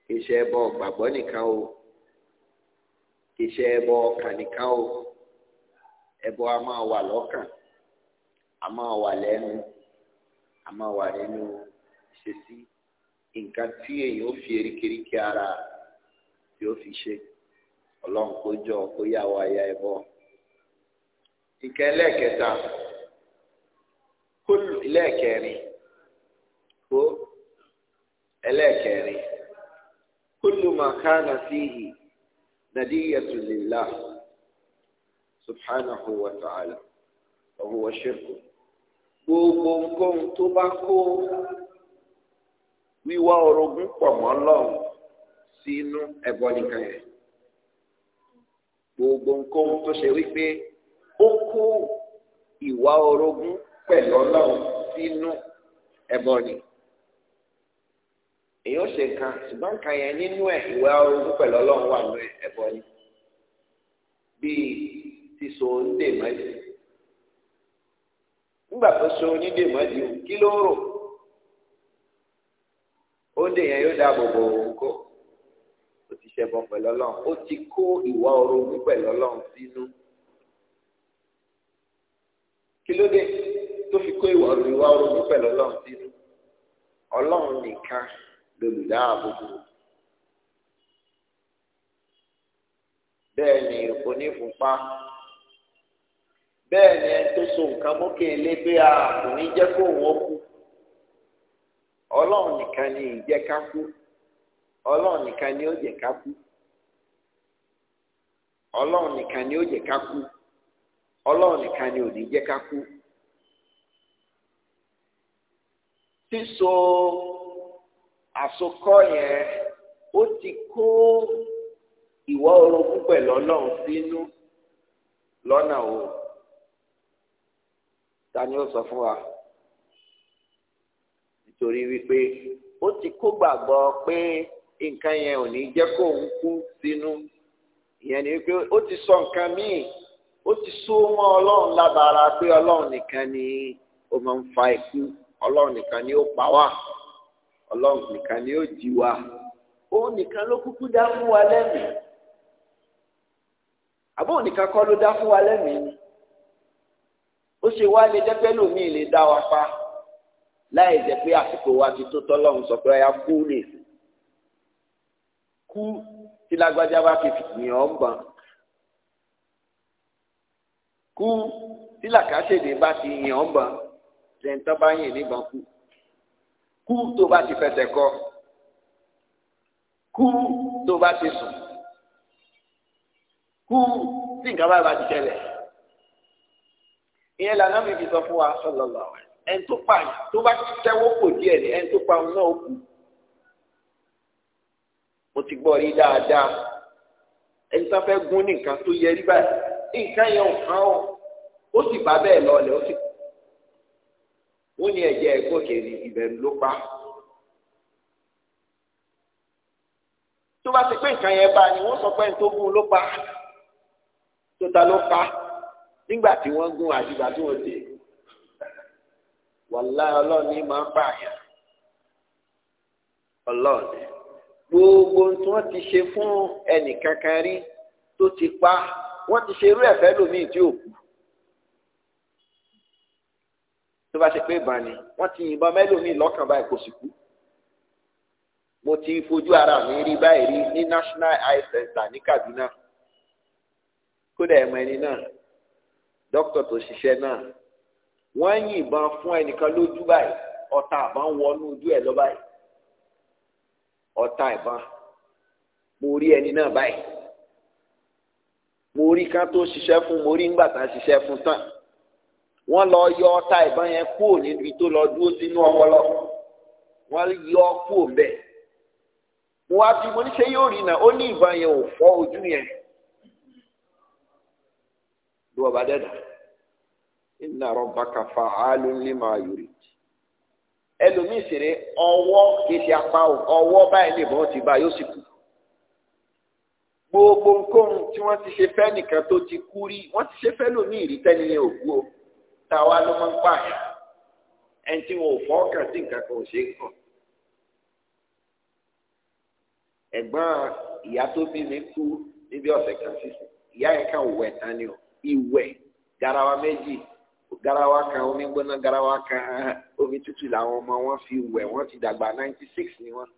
kì í ṣe ẹbọ gbàgbọ́ nìkan o kì í ṣe ẹbọ ọkàn nìkan o ẹbọ a máa wà lọ́kàn a máa wà lẹ́nu a máa wà nínú ìṣesí nǹkan tí èèyàn ó fi eríkèríkè ara tí ó fi ṣe ọlọ́run kó jọ kó yà wá ya ẹbọ. ìkẹ́ lẹ́ẹ̀kẹta kó lẹ́ẹ̀kẹrin. kó ẹlẹ́ẹ̀kẹrin kúlù màkánà ihe nàdíyàtù lillah subhanahu wa ta'ala wa huwa gbogbo nǹkan tó bá kó wíwá orogún pọ̀ mọ́ sínú ẹ̀bọ nìkan yẹn gbogbo nǹkan tó ṣe wípé ó kó orogún pẹ̀lú ọlọ́run sínú ẹ̀bọ nìkan. èyí ó ṣe nǹkan ṣùgbọ́n nǹkan yẹn nínú ẹ̀ ìwé orogún pẹ̀lú ọlọ́run wà ní ẹ̀bọ ni bíi síso ndè mọ́dì nígbà tó so onídè mọ́dì o kí ló ń rò ó yẹn yóò dáàbò bò ti ṣẹbọ pẹ̀lú ọlọ́run ó ti kó ìwà lórí dáàbòbò bẹ́ẹ̀ ni onífúnpá bẹ́ẹ̀ ni ẹni tó so nǹkan mókè lébé a kò ní jẹ́ kó wọ́n kú ọlọ́run nìkan ni ìjẹ́ ká kú ọlọ́run nìkan ni ó jẹ́ ká kú ọlọ́run nìkan ni ó jẹ́ ká kú ọlọ́run nìkan ni ò ní jẹ́ ká kú sísọ. àsokọ́ yẹn ó ti kó ìwà orogún pẹ̀lú ọlọ́run sínú lọ́nà o ta ni ó sọ fún wa nítorí wípé ó ti kó gbàgbọ pé nǹkan yẹn ò ní jẹ́ kó òun kú sínú ìyẹn ni wípé ó ti sọ nǹkan míì ó ti so mọ ọlọ́run lábara pé ọlọ́run nìkan ni ó máa ń fa ikú ọlọ́run nìkan ni ó pa wá. ọlọ́run nìkan ni ó jí wa òun nìkan ló kúkú dá fún wa lẹ́mìí àbóun nìkan kọ́ ló dá fún wa lẹ́mìí ni ó ṣe wá lè jẹ́ pé lòmíì lè dá wa pa láì jẹ́ pé àsìkò wa ti tó tọ́lọ́run sọ pé ọ̀ya kú lè kú tí lágbájá bá fi fìyàn ọ́ ń kú tí làkàṣèdè bá ti yàn ọ́ ń bọ̀n bá yàn níbọn kú kú tó bá ti fẹsẹ̀ kọ kú tó bá ti sùn kú tí nǹkan bá bá ti tẹ̀lẹ̀ ìyẹn lànà mi fi sọ fún wa sọlọ́lọ́ ẹn tó pa tó bá ti tẹ́wọ́ pò díẹ̀ ni ẹn tó pa òun náà kú mo ti gbọ́ rí dáadáa ẹni tó fẹ́ gún ní nǹkan tó yẹ rí báyìí nǹkan yẹn ò kàn ó ó sì bá bẹ́ẹ̀ lọ ọ̀lẹ́ ó sì kú ó ní ẹ̀jẹ̀ ẹ̀gbọ́kè ní ìbẹ̀rù ló pa. tó bá ti pé nǹkan yẹn bá ni wọ́n sọ pé tó gún ló pa tó ta ló pa nígbà tí wọ́n gún àdìgbà tí wọ́n dé wàlá ọlọ́ọ̀ni máa ń pààyàn ọlọ́ọ̀ni gbogbo tí wọ́n ti ṣe fún ẹnìkankan rí tó ti pa wọ́n ti ṣe irú ẹ̀fẹ́ lómi tí ò kú. tó bá ṣe pé ìbọn ni wọ́n ti yìnbọn mẹ́lòmíì lọ́kàn báyìí kò sì kú mo ti fojú ara mi rí báyìí rí ní national eye center ní Kaduna kódà ẹ̀mọ ẹni náà dókítà tó ṣiṣẹ́ náà wọ́n yìnbọn fún ẹnìkan lójú báyìí ọta àbá ń wọnú ojú ẹ̀ lọ báyìí ọta ìbọn mo rí ẹni náà báyìí mo rí kan tó ṣiṣẹ́ fún mo rí ńgbà tá a ṣiṣẹ́ fún tán wọ́n lọ yọ ọta ìbọn yẹn kúrò níbi tó lọ dúró sínú ọpọlọ wọ́n yọ kúrò bẹ́ẹ̀ mo wá bí mo ní ṣe yóò rí náà ó ní ìbọn yẹn ò fọ́ ojú yẹn lu ọba dẹ́dà inna rabbaka fa'alun lima yurid ẹlòmíì sì rè ọwọ́ kìí ṣe apá ọwọ́ báyìí lè bọ́ ti bá yóò sì kú gbogbo nǹkan tí wọ́n ti ṣe fẹ́ nìkan tó ti kú rí wọ́n ti ṣe fẹ́ lómi ìrítẹ́niyẹn òkú o táwa ló máa ń pààyàn ẹni tí wọn ò fọ́ọ̀kàn sí nǹkan kan ò ṣe é kàn. ẹ̀gbọ́n ìyá tó bí mi kú níbi ọ̀sẹ̀ kan sísè ìyá yẹn kan wẹ̀ tán o ìwẹ̀ garawa méjì garawa kan omi gbóná garawa kan omi tútù làwọn ọmọ wọn fi wẹ̀ wọ́n ti dàgbà ninety six ni wọ́n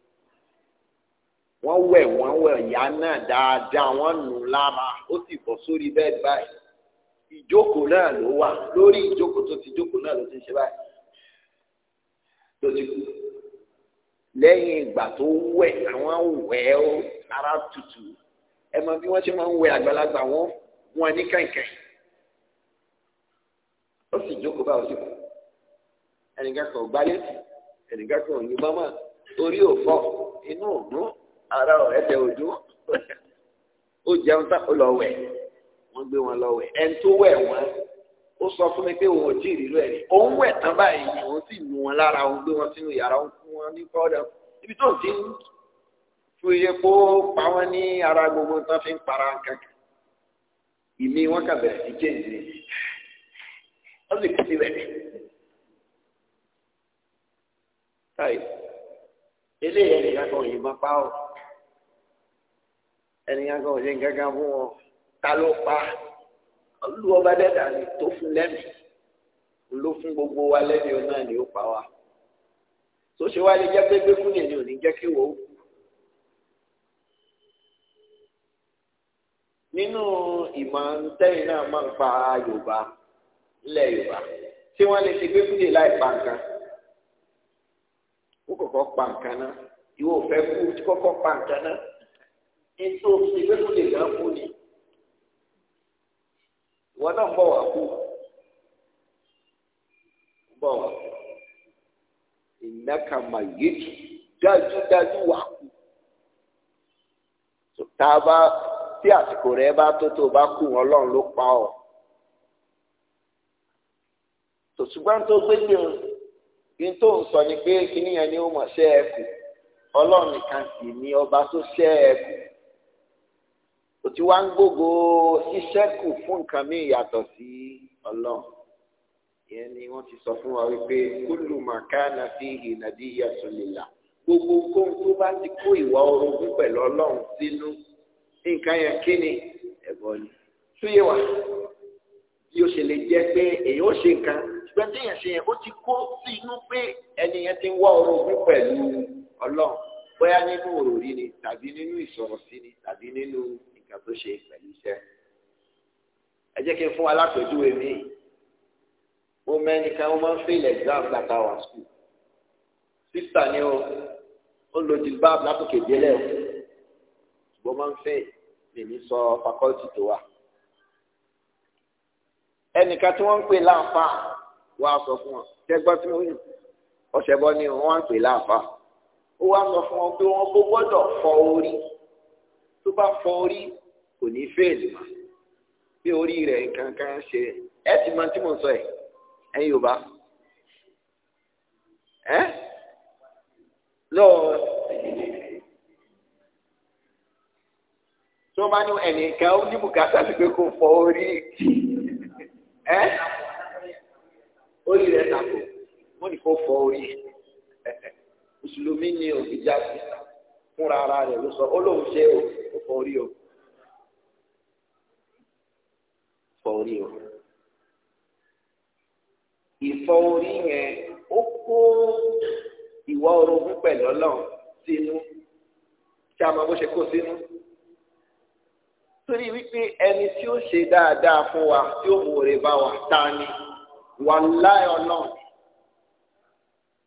wọ́n wẹ̀ wọ́n wẹ̀ ìyá náà dáadáa wọ́n nù lára ó sì bọ̀ sórí bẹ́ẹ̀ báyìí ìjókòó náà ló wà lórí ìjókòó tó ti jókòó náà ló ti ṣe báyìí tó ti kú lẹ́yìn ìgbà tó wẹ̀ àwọn wẹ̀ ó ara tutù ẹ mọ bí wọ́n ṣe máa ń wẹ̀ àgbàlagbà wọn wọn ní kẹ̀kẹ́ ó sì jókòó bá ó sì kú ẹnìkan kan ò gbálẹ̀ ẹnìkan kan ò yín mọ́mọ́ orí ò fọ́ inú ò dún ara ọ̀rẹ́ tẹ ò dún ó jẹun tá ó lọ wẹ̀ wọ́n gbé wọn lọ wẹ̀ ẹni tó wẹ̀ wọ́n ó sọ fún mi pé òun ò jí ìrírú ẹ̀ rí òun wẹ̀ tán báyìí òun sì nu wọn lára òun gbé wọn sínú yàrá òun fún wọn ní pọ́dà ibi tó ti ń tu iye kó pa wọn ní ara gbogbo tán fi ń para nǹkan kan ìmí wọn kà bẹ̀rẹ̀ sí jẹ́ǹdì ni wọ́n sì kú síbẹ̀ táyì eléyìí ẹnìkan kan òyìnbọn pa ọ ẹnìkan kan òyìnbọn gángan fún wọn ta ló pa olú ọba dẹ́dà ni tó fún lẹ́mí ló fún gbogbo wa lẹ́mí o náà ni ó pa wa tó ṣe wá lè jẹ́ pé gbẹ́kú ni èmi ò ní jẹ́ kí wò ó. nínú ìmọ̀ ntẹ́yìn náà máa ń pa Yorùbá ilẹ̀ Yorùbá tí wọ́n lè ṣe gbẹ́kú ni láì pa nǹkan ó kọ́kọ́ pa nǹkan náà ìwọ ò fẹ́ kú kọ́kọ́ pa nǹkan náà ètò ìgbẹ́kú ni gan kú ni. wọn náà ń bọ̀ wá kú ń bọ̀ wá kú ìnáka dájúdájú kú tá a bá tí àsìkò rẹ bá tó tó bá kú Ọlọ́run ló pa ọ́ tòṣùgbọ́n tó gbé pé o kí n tó ń sọ ni pé kíníyàn ni ó mọ̀ ṣẹ́ kù Ọlọ́run nìkan sì ni ọba tó ó ti wá ń gbógo ṣíṣẹ́ kù fún nǹkan míì yàtọ̀ sí ọlọ́run ìyẹn ni wọ́n ti sọ fún wa wípé kúlù màkánà fi ìnàdí yẹsùn lìlà gbogbo ohun tó bá ti kó ìwà orogún pẹ̀lú ọlọ́run sínú nǹkan yẹn kí ni ẹ̀bọ ni súyẹ wà bí ó ṣe lè jẹ́ pé èyàn ó ṣe nǹkan ṣùgbọ́n tí èyàn ṣe yẹn ó ti kó sínú pé ẹni yẹn ti ń wá orogún pẹ̀lú ọlọ́run bóyá nínú òròrí ni tàbí nínú ìsọ̀rọ̀sí ni tàbí nínú nǹkan tó ṣe pẹ̀lú iṣẹ́ ẹ jẹ́ kí n fún alápèjúwe mi ó mẹ́nìkan ó máa ń fail exam gbàtà wà school sísà ni ó ó lo jilbab látòkè délẹ̀ o ṣùgbọ́n máa ń fail lèmi sọ fakọ́lítì tó wà ẹnìkan tí wọ́n ń pè láǹfà wá sọ fún wọn ṣẹ́gbọ́n tí wọ́n ọ̀ṣẹ̀bọ ni wọ́n ń pè láǹfà ó wá sọ fún wọn pé wọn gbọ́dọ̀ fọ orí tó bá fọ orí kò ní fèèlì mọ́ bí orí rẹ̀ nǹkan kan ṣe ẹ ti mọ tí mò ń sọ ẹ ẹ̀yin Yorùbá ẹ lọ tí wọ́n bá ní ẹnìkan ó ní bùkátà sí pé kò fọ orí ẹ orí rẹ̀ tàkò wọ́n ní kò fọ orí mùsùlùmí ni òbí já sí fúnra ara rẹ̀ ló sọ ó lóun ṣe ó fọ orí o. fọ orí o ìfọ orí yẹn ó kó ìwà orogún pẹ̀lú ọlọ́run sínú kí a mọ bó ṣe kó sínú torí wípé ẹni tí ó ṣe dáadáa fún wa tí ó mòore bá wa ta ni wàláì ọlọ́run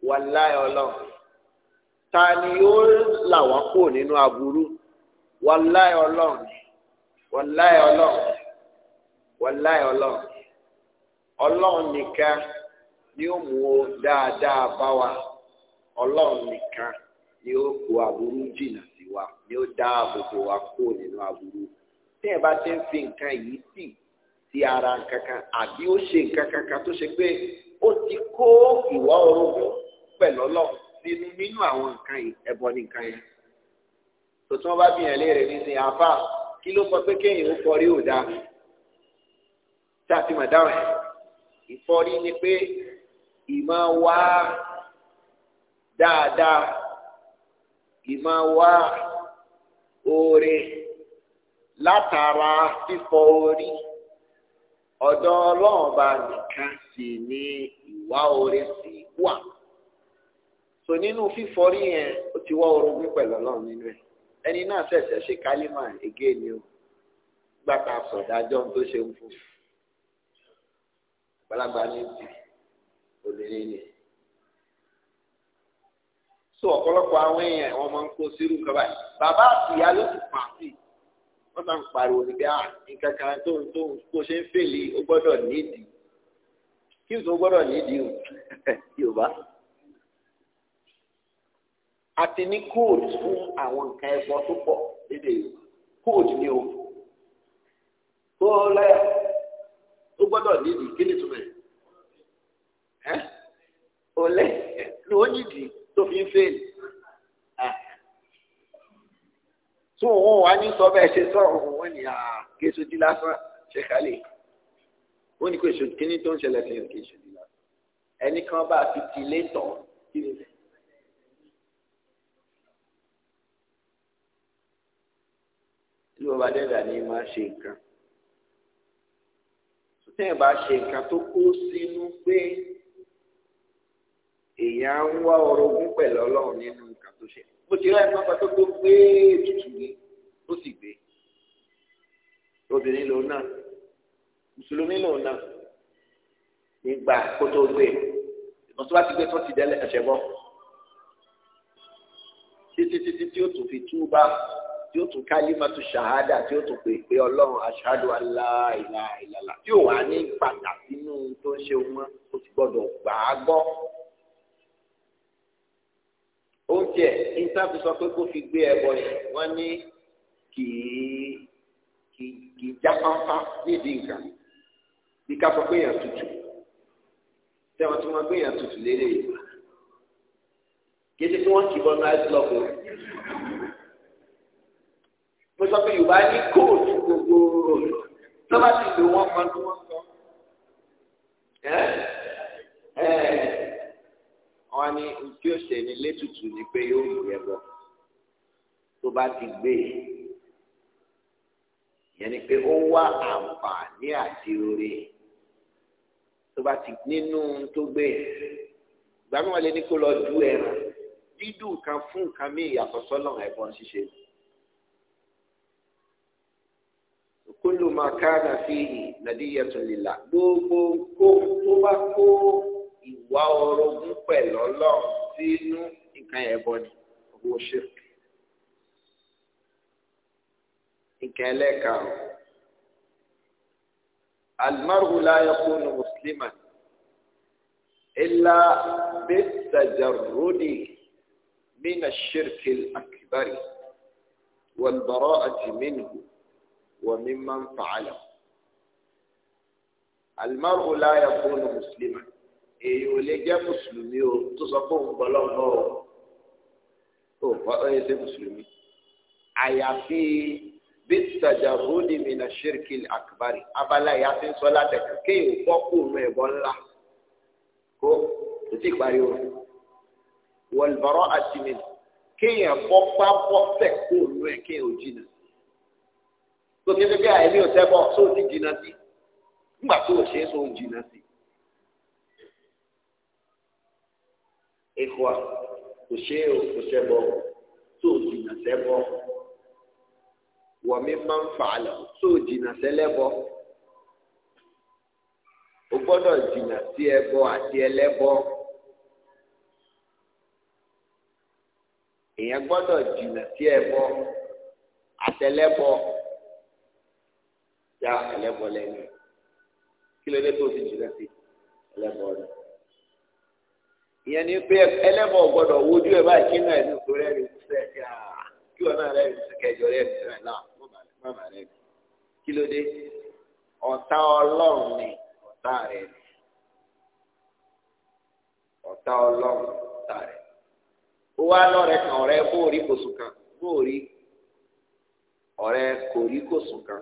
wàláì ọlọ́run ta ni yóò là wá kó nínú aburú wàláì ọlọ́run wàláì ọlọ́run wàláì ọlọ́run ọlọ́run nìkan ni ó mú o dáadáa bá wa ọlọ́run nìkan ni ó kó aburú jìnnà sí wa ni ó dáàbò bò wa kó nínú aburú tí ẹ bá ti ń fi nǹkan yìí tì sí ara nǹkan kan àbí ó ṣe nǹkan kankan tó ṣe pé ó ti kó ìwà orogún pẹ̀lú ọlọ́run nínú nínú àwọn nǹkan yìí ẹbọ ní yẹn tòtún bá bí yẹn léèrè ní sin kí ló sọ pé kéèyàn ó kọrí ò dáa tá a ti mọ̀ dáhùn ẹ̀ ìfọ́rí ni pé ìmọ̀ wá dáadáa ìmọ̀ wá oore látara fífọ orí ọ̀dọ̀ ọlọ́run nìkan sì ni ìwà oore sì wà so nínú fífọrí yẹn ó ti wá orogún pẹ̀lú ọlọ́run nínú ẹ̀ ẹni náà ṣẹ̀ṣẹ̀ ṣe kálímà ègé ni o gbàtà sọ̀dájọ́ tó ṣe ń fún un àgbàlagbà ní ti obìnrin ni so ọ̀pọ̀lọpọ̀ àwọn èèyàn wọn máa ń kó sírú nǹkan báyìí bàbá àtìyá ló ti pa sí wọn máa ń pariwo níbi à ah, nǹkan kan tó ń tó ń kó ṣe ń fèlè ó gbọ́dọ̀ nídìí kí n tó gbọ́dọ̀ nídìí o yorùbá àti ní kóòtù fún àwọn nǹkan ẹ̀gbọ́n tó pọ̀ lédè kóòtù ni o kó lọ́yà gbọ́dọ̀ nídìí kí ni túmọ̀ ẹ̀ ọ̀lẹ́ ni ó nídìí tó fi ń fèèlì tí òun wà ní sọ bẹ́ẹ̀ ṣe sọ òun wọn ni kéṣu dí lásán ṣe kálẹ̀ wọn ni kò èso kíní tó ń ṣẹlẹ̀ sí ìrìnkè èso dí lásán ẹnì kan bá fi ti ilé tọ̀ kí ni tí wọn bá dẹ́dà ní máa ṣe nǹkan tẹ̀ bá ṣe nǹkan tó kó sínú pé èèyàn ń wá orogún pẹ̀lú ọlọ́run nínú nǹkan tó ṣe bó ti rẹ́ pápá tó tó gbé tutù ní ó sì gbé obìnrin lòun náà mùsùlùmí lòun náà nígbà kó tó gbé ìmọ̀ tó bá ti gbé tó ti dẹ́lẹ̀ ẹ̀ṣẹ̀ bọ́ títí títí tí ó tún fi túbà tí ó tún kálímàtú ṣàhádà tí ó tún pè pé ọlọ́run aṣáájú aláìlá ìlàlá tí ò wá ní padà sínú tó ń ṣe wọn ó ti gbọ́dọ̀ gbà á gbọ́. oúnjẹ ìtàkùn sọ pé kó fi gbé ẹbọ yẹn wọ́n ní kì í kì í jáfáfá nídìí nǹkan bí ká sọ pé èèyàn tutù tí wọ́n tún máa gbé èèyàn tutù lélẹ̀ kí ẹ ṣe kí wọ́n kì í bọ́ náà ẹ ti lọ bọ̀ mo sọ pé yorùbá ní kóòtù gbogbo lọ́ba ti lò wọ́n mọ ní wọ́n sọ. wọ́n ní tí ó ṣe ní létùtù ni pé yóò mú yẹn bọ̀ tó bá ti gbé e yẹn ni pé ó wá àǹfààní àti oore tó bá ti nínú tó gbé e gbàmíwọlé ní kó lọ du ẹran dídùn kan fún nǹkan mí ìyàtọ̀ sọ́lọ̀ ẹ̀bọ̀n ṣíṣe. kúlù máa káàdà fíhì nàdíyàtún lìlà gbogbo ohun tó bá kó ìwà orogún pẹ̀lú ọlọ́run sínú nǹkan ẹ̀bọ ni owó ṣírk. nǹkan ẹlẹ́karùn-ún almaru la yakunu musliman illa bitajarrudi min ashirki al-akbari wal bara'ati وممن فعله المرء لا يكون مسلما èyí ò lè jẹ́ mùsùlùmí o tó sọ pé òun gbọ́lọ́ ń bọ̀ o ò fọ́tọ́yé sí mùsùlùmí àyàfi bí tajarudi mina shirkil akbari abala ìyàfi ń sọ látẹ̀kọ́ kéèyàn bọ́ kó nu ẹ̀bọ ńlá kó o ti parí o wal bara'ati min kéèyàn bọ́ pápọ́ tẹ̀ kó nu ẹ̀ kéèyàn ò jìnnà tó ti fi bí àìní ò sẹ́bọ̀ tó ti jìnnà sí nígbà tó o ṣe é tó ń jìnnà sí. Ìkọ́ kò ṣe é kò sẹ́bọ̀ tó o jìnnà sẹ́bọ̀ wọ̀mí máa ń fà á lọ tó o jìnnà sẹ́lẹ̀bọ̀ o gbọ́dọ̀ jìnnà sí ẹbọ àti ẹlẹ́bọ. èèyàn gbọ́dọ̀ jìnnà sí ẹbọ àtẹlẹ́bọ já ẹlẹ́bọ lẹ́nu kí ló dé tó fi jìnnà sí ẹlẹ́bọ rẹ̀ ìyẹn ni pé ẹlẹ́bọ gbọ́dọ̀ wojú ẹ̀ báyìí kí náà ẹ̀ ní ìṣòro ẹ̀ ní ìṣẹ́ ẹ̀ kí wọn náà rẹ̀ ní ìṣẹ́kẹ̀jọ rẹ̀ ní ìṣẹ́ náà mọ̀mọ́ rẹ̀ kí ló dé ọ̀tá ọlọ́run ni ọ̀tá rẹ̀ ni ọ̀tá ọlọ́run ọ̀tá rẹ̀ ó wá lọ́rẹ̀ kan ọ̀rẹ́ bóòrí kò kan bóòrí ọ̀rẹ́ kò rí kan.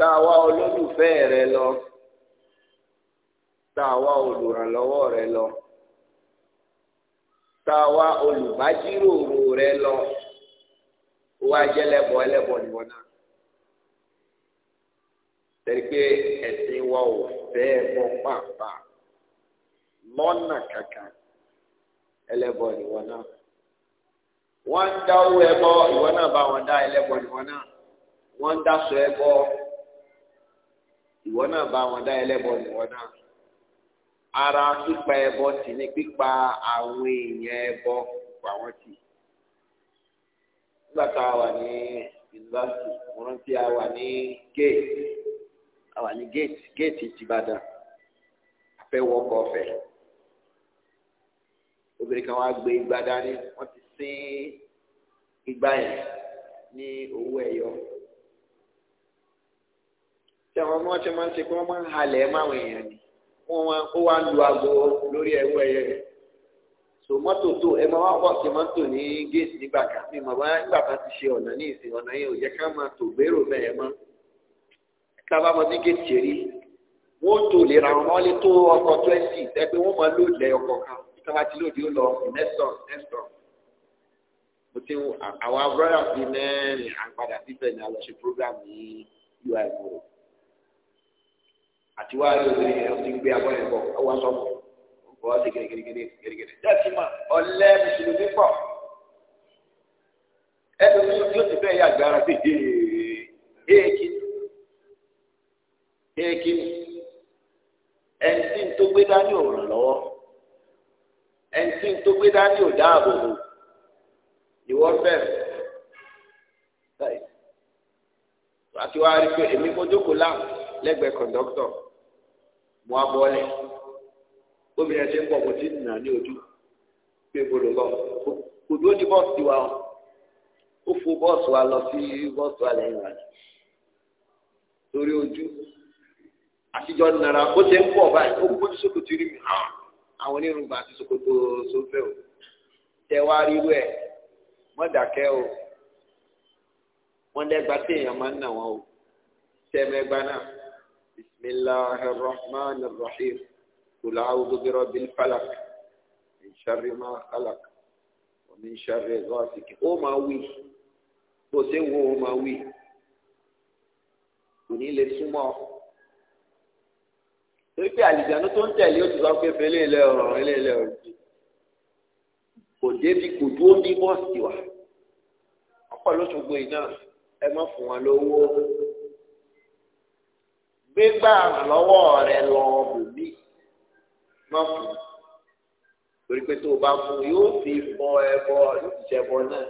tá a wá olólùfẹ́ rẹ lọ tá a wá olùrànlọ́wọ́ rẹ lọ tá a wá olùbájíròrò rẹ lọ wá jẹlẹbọ ẹlẹbọ nìwọ náà tẹ̀lé pé ẹ̀sìn wa ò fẹ́ bọ́ pàápàá lọ́nà kàkà ẹlẹ́bọ nìwọ náà wọ́n ń dáwó ẹbọ ìwọ náà bá wọn dá ẹlẹ́bọ nìwọ náà wọ́n ń dáṣọ ẹbọ ìwọ náà bá wọn dá ẹlẹ́bọ nìwọ náà ara pípa ẹbọ tì ní pípa àwọn èèyàn ẹbọ pa wọ́n tì nígbà tá a wà ní yunifásitì mo rántí a wà ní géètì a wà ní géètì géètì tìbàdàn a fẹ́ wọkọ̀ ọ̀fẹ́ obìnrin kan wá gbé igbá dání wọ́n ti sín igbá yẹn ní owó ẹ̀yọ sẹwọn ọmọ ọtí máa ń ṣe pé wọn máa ń halẹ̀ máwọn èèyàn ni wọn máa ó wá lu aago lórí ẹwọ ẹyẹ rẹ so mọ́tò tó ẹ máa wá pọ̀ sí mọ́tò ní géètì nígbà kan ní màmá nígbà kan ti ṣe ọ̀nà ní ìsìn ọ̀nà yẹn ò yẹ ká máa tò gbèrò bẹ́ẹ̀ mọ́ tábà mọ́ sí géètì rí wọ́n tó lè ra wọn lè tó ọkọ̀ twenty ẹgbẹ́ wọn máa lò lẹ́ ọkọ̀ kan tí lòdì mo ti àwọn abúlé àti mẹ́rin àgbàdà síbẹ̀ ni a lọ ṣe program ní ui àti wá rí obìnrin yẹn ó ti gbé abọ́ yẹn bọ̀ ọwọ́ sọ́kù ọkọ̀ ọ́ sì gẹ́gẹ́gẹ́gẹ́ gẹ́gẹ́gẹ́ jáde mọ́ ọ̀lẹ́ mùsùlùmí pọ̀ ẹ̀dùn mi yóò ti bẹ́ẹ̀ yà gbára pé èèkì èèkì ẹ̀ǹtí tó gbé dání ò ràn lọ́wọ́ ẹ̀ǹtí tó gbé dání ò dáàbò bò ìwọ bẹ́ẹ̀ àti wá rí pé èmi kò jókòó láàmú lẹ́gbẹ̀ẹ́ kọ̀ńdọ́kítọ̀. mú abọ́lẹ̀ obìnrin ẹ̀ṣẹ̀ ń pọ̀ kò tí ì ní ojú pé kò o lọ wa ó fo bọ́ọ̀sì wa lọ sí bọ́ọ̀sì wa torí ojú àtijọ́ nara ó ṣe ń pọ̀ báyìí ó sókòtò rí mi ah! àwọn sókòtò sófẹ́ o tẹ wá ẹ̀ o wọ́n lẹ́gba tí èèyàn máa بسم الله الرحمن الرحيم قل أعوذ برب الفلق من شر ما خلق ومن شر غاسق ó máa wí bó ṣe ń wo ó máa wí kò ní lè súnmọ́ torí pé àlìjánu tó ń tẹ̀lé ó ti sọ pé fẹlẹ́ ilẹ̀ ọ̀rọ̀ ilẹ̀ ilẹ̀ kò débi kò dúró ní bọ́ọ̀sì wa ọ̀pọ̀ lóṣogbo yìí náà ẹ má fún wa lówó gbígbà lọ́wọ́ rẹ lọ bòmí má fún torí pé tó o bá fún yóò fi bọ ẹbọ yóò fi jẹbọ náà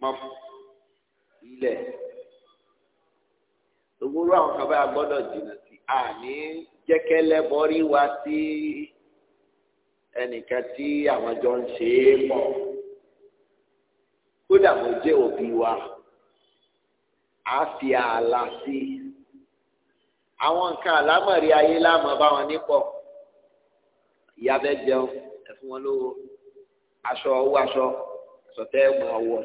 má fún ilẹ̀ òwúrọ̀ àwọn kan báyà gbọ́dọ̀ jìnnà sí àní jẹ́kẹ́lẹ́ bọ́rí wa sí ẹnìkan tí àwọn jọ ń ṣe é pọ̀ kódà mo jẹ́ òbí wa a fi ààlà sí i àwọn nǹkan àlámọ̀rí ayé láàmú bá wọn nípọ̀ ìyá bẹ jẹun ẹ fún wọn lówó aṣọ owó aṣọ aṣọ tẹ mọ ọwọ́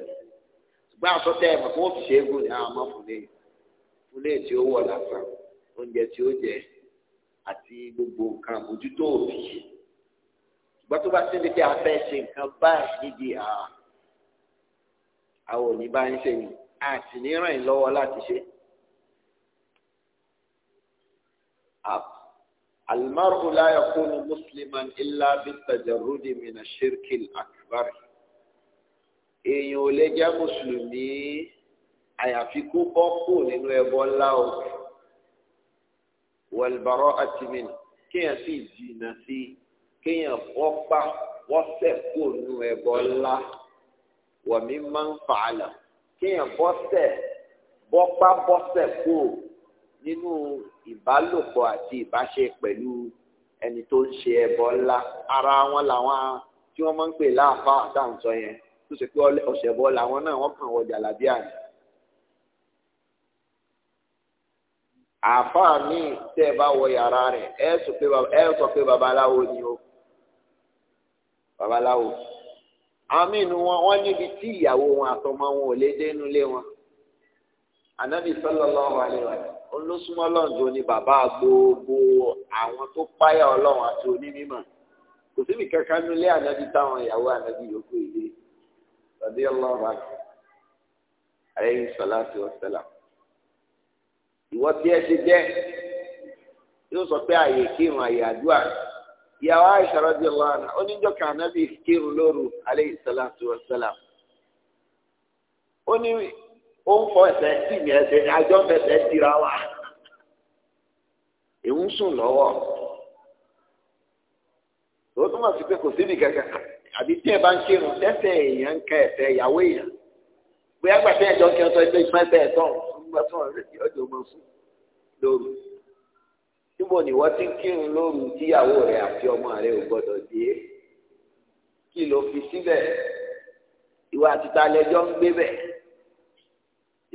ṣùgbọ́n aṣọ tẹ mọ fún òfìṣẹ egun ni àwọn ọmọ fúnlé fúnlé tí ó wọ lásán oúnjẹ tí ó jẹ àti gbogbo nǹkan àmójútó òbí ṣùgbọ́n tó bá ti pé a fẹ́ ṣe nǹkan báyìí nídìí àwọn òní bá ń ṣe ni àti ní ràn láti ṣe up. المرء لا يكون مسلما إلا بالتجرد من الشرك الأكبر èèyàn ò lè jẹ́ mùsùlùmí àyàfi kó bọ́ kù nínú ẹbọ ńlá o wẹ̀lbàrọ̀ àtìmìn kéèyàn sì jìnnà sí kéèyàn wọ́pá wọ́sẹ̀ kù nínú ẹbọ ńlá wọ̀mí máa ń fàálà kéèyàn bọ́sẹ̀ bọ́pá bọ́sẹ̀ kù nínú ìbálòpọ̀ àti ìbáṣe pẹ̀lú ẹni tó ń ṣe ẹbọ ńlá ara wọn làwọn tí wọ́n máa ń pè láàfà àtàǹsọ yẹn tó ṣe pé ọ̀ṣẹ̀bọ làwọn náà wọ́n kàn wọ jàlábíà ni. àfà míì tẹ́ ẹ bá wọ yàrá rẹ̀ ẹ sọ pé babaláwo ni o babaláwo àmì inú wọn wọn níbi tí ìyàwó wọn àtọmọ wọn ò lè dé inú ilé wọn ànábì sallallahu alaihi wa sallam olóṣùmọ́ ọlọ́run tó ní bàbá gbogbo àwọn tó páyà ọlọ́run àti onímọ̀ kò síbi kankan nílé ànábi táwọn ìyàwó ànábi yòókù ilé sọdí ọlọ́run àti àlẹ́yìn sọlá sí ọ̀sẹ̀là ìwọ bí ẹ ti jẹ́ yóò sọ pé àyè kírun àyè àdúrà ìyàwó àìsàn rọ́bì ọlọ́run oníjọ́ kan ànábi kírun lóru àlẹ́yìn sọlá sí ọ̀sẹ̀là ó ní ó ń fọ ẹsẹ̀ tì mí ẹsẹ̀ àjọ ń fẹsẹ̀ tira wa èwú ń sùn lọ́wọ́ tó túmọ̀ sí pé kò síbi kankan àbí tí ẹ bá ń kírun tẹ́sẹ̀ èèyàn ń kẹ́ ẹ̀sẹ̀ ìyàwó èèyàn pé agbàtẹ́ ẹ̀jọ́ kí ọtọ́ ẹgbẹ́ ìgbà ẹ̀sẹ̀ ẹ̀tọ́ nígbà tó ń retí ọjọ́ ọmọ fún lóru níbo ni wọ́n ti ń kírun lóru tíyàwó rẹ̀ àti ọmọ rẹ̀ ò gbọ́dọ̀ dé kí ló fi síbẹ̀ ìwà àtìtà lẹ́jọ́ ń gbé bẹ́ẹ̀